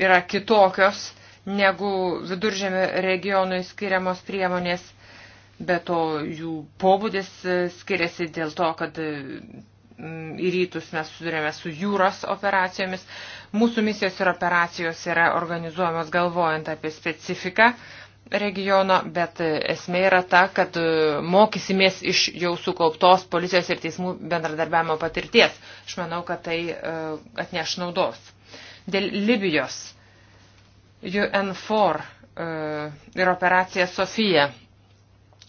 yra kitokios negu viduržėmio regionui skiriamos priemonės, bet to jų pobūdis e, skiriasi dėl to, kad e, į rytus mes sudurėme su jūros operacijomis. Mūsų misijos ir operacijos yra organizuojamos galvojant apie specifiką regiono, bet e, esmė yra ta, kad mokysimės iš jau sukauptos policijos ir teismų bendradarbiavimo patirties. Aš manau, kad tai atneš naudos. Dėl Libijos UN4 e, ir operacija Sofija.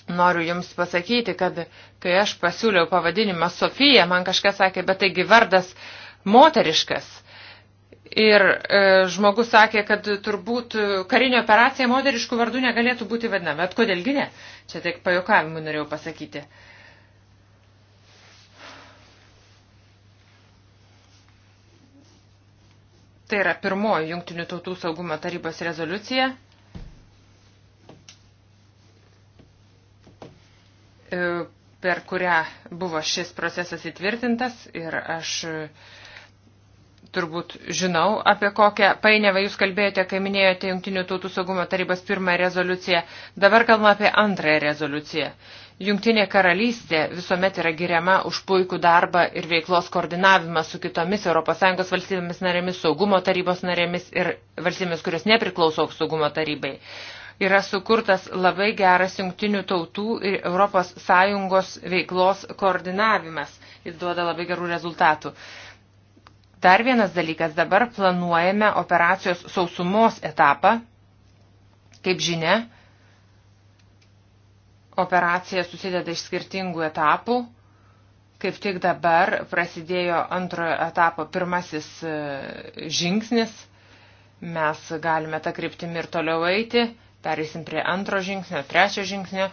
Noriu Jums pasakyti, kad kai aš pasiūliau pavadinimą Sofija, man kažkas sakė, bet taigi vardas moteriškas. Ir e, žmogus sakė, kad turbūt karinė operacija moteriškų vardų negalėtų būti vadinama. Bet kodėlgi ne? Čia tik pajokavimui norėjau pasakyti. E, Tai yra pirmoji Junktinių tautų saugumo tarybos rezoliucija. E, per kurią buvo šis procesas įtvirtintas ir aš uh, turbūt žinau, apie kokią painiavą jūs kalbėjote, kai minėjote Junktinių tautų saugumo tarybos pirmąją rezoliuciją. Dabar kalbame apie antrąją rezoliuciją. Junktinė karalystė visuomet yra giriama už puikų darbą ir veiklos koordinavimą su kitomis ES valstybėmis narėmis, saugumo tarybos narėmis ir valstybėmis, kurios nepriklauso saugumo tarybai. Yra sukurtas labai geras jungtinių tautų ir ES veiklos koordinavimas. Jis duoda labai gerų rezultatų. Dar vienas dalykas, dabar planuojame operacijos sausumos etapą. Kaip žinia, operacija susideda iš skirtingų etapų. Kaip tik dabar prasidėjo antrojo etapo pirmasis e, žingsnis. Mes galime tą kryptimį ir toliau eiti. Perėsim prie antro žingsnio, trečio žingsnio,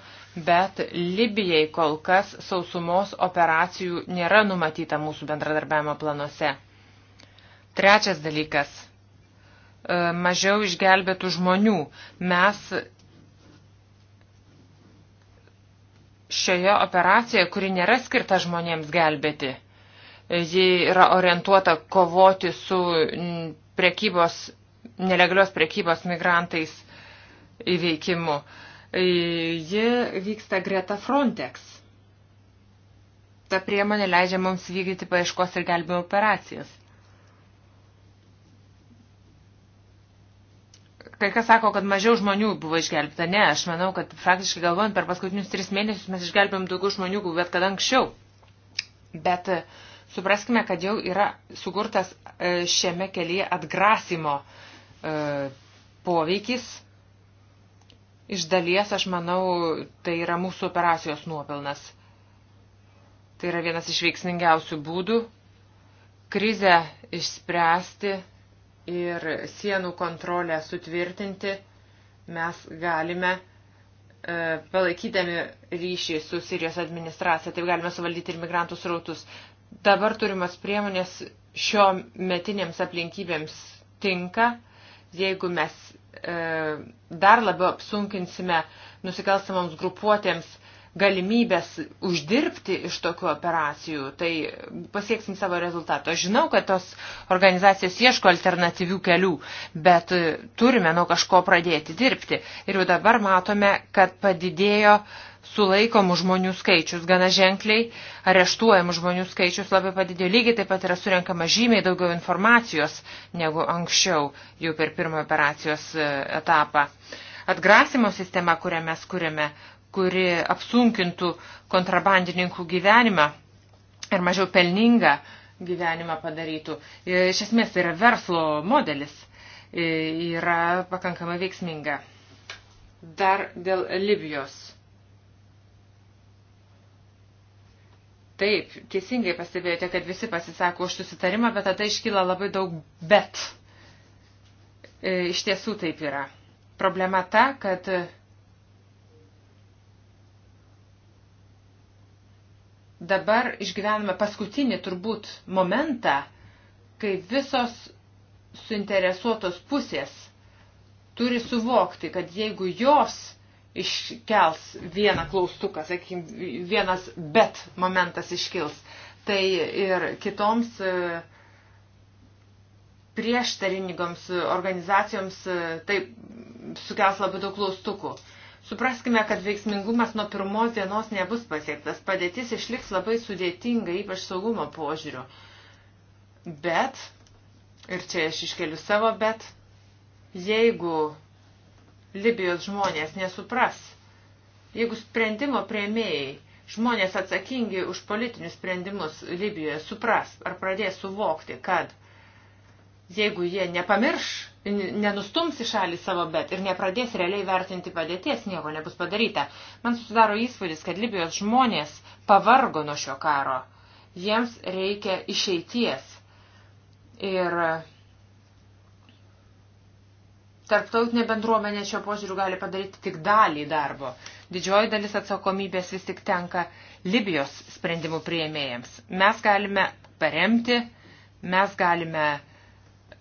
bet Libijai kol kas sausumos operacijų nėra numatyta mūsų bendradarbiavimo planuose. Trečias dalykas e, - mažiau išgelbėtų žmonių. Mes šioje operacijoje, kuri nėra skirta žmonėms gelbėti, e, ji yra orientuota kovoti su prekybos, nelegalios prekybos migrantais įveikimu. E, ji vyksta greta Frontex. Ta priemonė leidžia mums vykdyti paieškos ir gelbėjimo operacijas. kai kas sako, kad mažiau žmonių buvo išgelbta. Ne, aš manau, kad praktiškai galvojant per paskutinius tris mėnesius mes išgelbėm daugiau žmonių, bet kad anksčiau. Bet e, supraskime, kad jau yra sukurtas e, šiame kelyje atgrasimo e, poveikis. Iš dalies, aš manau, tai yra mūsų operacijos nuopelnas. Tai yra vienas iš veiksmingiausių būdų krizę išspręsti ir sienų kontrolę sutvirtinti, mes galime e, palaikydami ryšį su Sirijos administracija, taip galime suvaldyti ir migrantų srautus. Dabar turimas priemonės šio metinėms aplinkybėms tinka, jeigu mes e, dar labiau apsunkinsime nusikalstamoms grupuotėms e, galimybės uždirbti iš tokių operacijų, tai pasieksim savo rezultato. Aš žinau, kad tos organizacijos ieško alternatyvių kelių, bet turime nuo kažko pradėti dirbti. Ir jau dabar matome, kad padidėjo sulaikomų žmonių skaičius gana ženkliai, areštuojamų žmonių skaičius labai padidėjo. Lygiai taip pat yra surenkama žymiai daugiau informacijos negu anksčiau jau per pirmą operacijos e, etapą atgrasimo sistema, kurią mes kūrėme, kuri apsunkintų kontrabandininkų gyvenimą ir mažiau pelningą gyvenimą padarytų. E, iš esmės tai yra verslo modelis, e, yra pakankamai veiksminga. Dar dėl Libijos. Taip, teisingai pastebėjote, kad visi pasisako už susitarimą, bet tada iškyla labai daug bet. E, iš tiesų taip yra. Problema ta, kad Dabar išgyvename paskutinį turbūt momentą, kai visos suinteresuotos pusės turi suvokti, kad jeigu jos iškels vieną klaustuką, sakykime, vienas bet momentas iškils, tai ir kitoms e, prieštaringoms organizacijoms e, tai sukels labai daug klaustukų. Supraskime, kad veiksmingumas nuo pirmos dienos nebus pasiektas. Padėtis išliks labai sudėtinga, ypač saugumo požiūriu. Bet, ir čia aš iškeliu savo bet, jeigu Libijos žmonės nesupras, jeigu sprendimo prieimėjai, žmonės atsakingi už politinius sprendimus Libijoje supras ar pradės suvokti, kad jeigu jie nepamirš, nenustums į šalį savo bet ir nepradės realiai vertinti padėties, nieko nebus padaryta. Man susidaro įspūdis, kad Libijos žmonės pavargo nuo šio karo. Jiems reikia išeities. Ir tarptautinė bendruomenė šio požiūriu gali padaryti tik dalį darbo. Didžioji dalis atsakomybės vis tik tenka Libijos sprendimų prieimėjams. Mes galime paremti, mes galime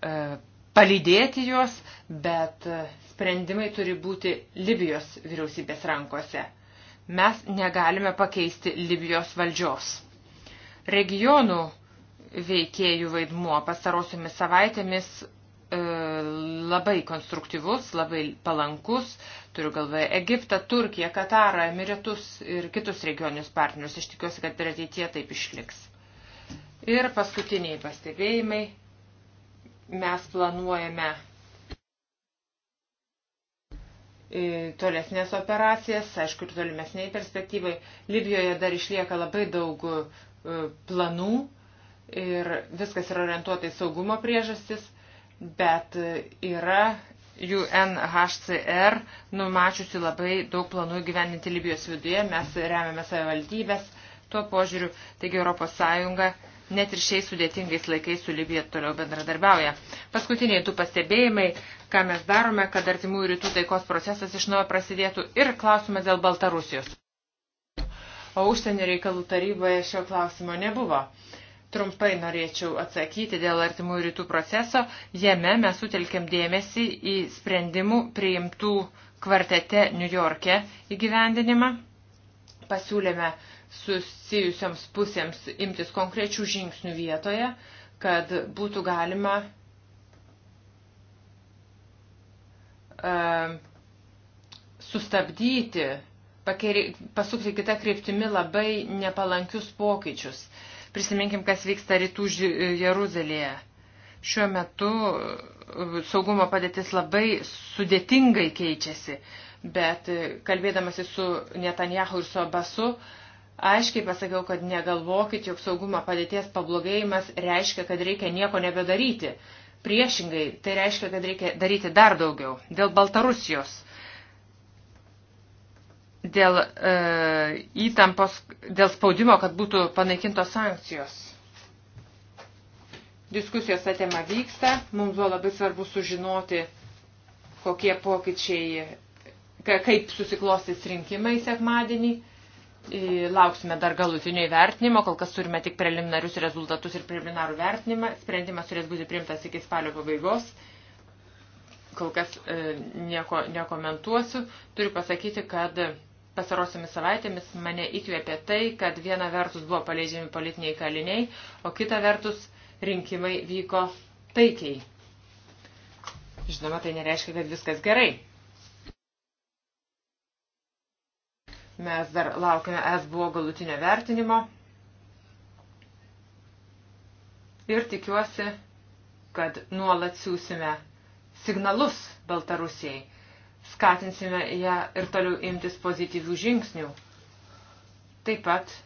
E, palydėti juos, bet e, sprendimai turi būti Libijos vyriausybės rankose. Mes negalime pakeisti Libijos valdžios. Regionų veikėjų vaidmuo pastarosiomis savaitėmis e, labai konstruktyvus, labai palankus. Turiu galvoje Egiptą, Turkiją, Katarą, Emiratus ir kitus regionius partnerius. Aš tikiuosi, kad ir ateitie taip išliks. Ir paskutiniai pastebėjimai mes planuojame e, tolesnės operacijas, aišku, ir tolimesniai perspektyvai. Libijoje dar išlieka labai daug e, planų ir viskas yra orientuota į saugumo priežastis, bet e, yra UNHCR numačiusi labai daug planų gyveninti Libijos viduje, mes remiame savivaldybės tuo požiūriu, taigi ES net ir šiais sudėtingais laikais su Libija toliau bendradarbiauja. Paskutiniai du pastebėjimai, ką mes darome, kad artimų rytų taikos procesas iš naujo prasidėtų ir klausimas dėl Baltarusijos. O užsienio reikalų taryboje šio klausimo nebuvo. Trumpai norėčiau atsakyti dėl artimų rytų proceso. Jame mes sutelkiam dėmesį į sprendimų priimtų kvartete Niujorke įgyvendinimą. Pasiūlėme uh, susijusiams pusėms imtis konkrečių žingsnių vietoje, kad būtų galima uh, sustabdyti, pakeri, pasukti kitą kryptimį labai nepalankius pokyčius. Prisiminkim, kas vyksta rytų Jeruzalėje. Šiuo metu e, saugumo padėtis labai sudėtingai keičiasi, bet kalbėdamasi su Netanjahu ir su Abasu, uh, Aiškiai pasakiau, kad negalvokit, jog saugumo padėties pablogėjimas reiškia, kad reikia nieko nebedaryti. Priešingai, tai reiškia, kad reikia daryti dar daugiau. Dėl Baltarusijos, dėl e, įtampos, dėl spaudimo, kad būtų panaikintos sankcijos. Diskusijos ta tema vyksta, mums buvo labai svarbu sužinoti, kokie pokyčiai, kaip susiklostys rinkimai sekmadienį Lauksime dar galutinio įvertinimo, kol kas turime tik preliminarius rezultatus ir preliminarų vertinimą. Sprendimas turės būti priimtas iki spalio pabaigos. Kol kas e, nieko nekomentuosiu. Turiu pasakyti, kad pasarosiamis savaitėmis mane įkvėpė tai, kad viena vertus buvo paleidžiami politiniai kaliniai, o kita vertus rinkimai vyko taikiai. Žinoma, tai nereiškia, kad viskas gerai. Mes dar laukiame SBO galutinio vertinimo. Ir tikiuosi, kad nuolat siūsime signalus Baltarusijai. Skatinsime ją ir toliau imtis pozityvių žingsnių. Taip pat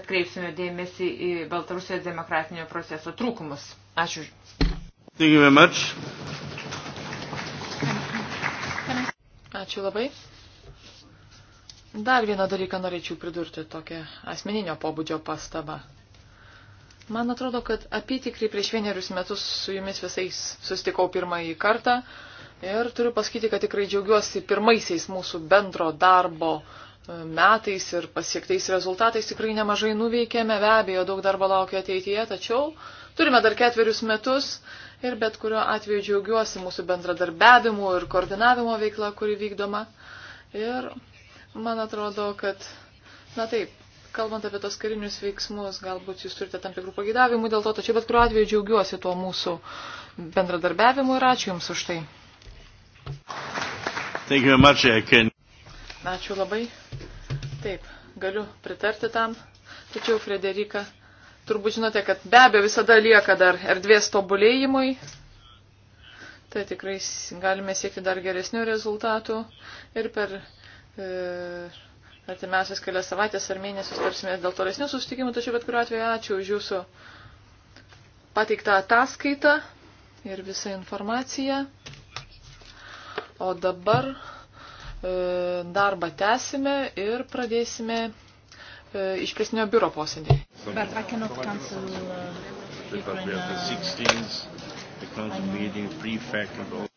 atkreipsime dėmesį į Baltarusijos demokratinio proceso trūkumus. Ačiū. Ačiū labai. Dar vieną dalyką norėčiau pridurti, tokią asmeninio pobūdžio pastabą. Man atrodo, kad apytikriai prieš vienerius metus su jumis visais sustikau pirmąjį kartą ir turiu pasakyti, kad tikrai džiaugiuosi pirmaisiais mūsų bendro darbo e, metais ir pasiektais rezultatais. Tikrai nemažai nuveikėme, be abejo, daug darbo laukia ateityje, tačiau turime dar ketverius metus ir bet kuriuo atveju džiaugiuosi mūsų bendradarbiavimu ir koordinavimo veikla, kuri vykdoma. Ir Man atrodo, kad, na taip, kalbant apie tos karinius veiksmus, galbūt jūs turite tam tikrų pagidavimų dėl to, tačiau bet kuriuo atveju džiaugiuosi tuo mūsų bendradarbiavimu ir ačiū Jums už tai. Much, can... Ačiū labai. Taip, galiu pritarti tam. Tačiau, Frederika, turbūt žinote, kad be abejo visada lieka dar erdvės tobulėjimui. Tai tikrai galime siekti dar geresnių rezultatų ir per E, artimiausias kelias savaitės ar mėnesius tarsimės dėl tolesnių susitikimų, tačiau bet kuriuo atveju ačiū už jūsų pateiktą ataskaitą ir visą informaciją. O dabar e, darbą tęsime ir pradėsime e, išplėsnio biuro posėdį. But I cannot cancel uh, Ukraine. Uh, 16th, the council meeting, prefect and all.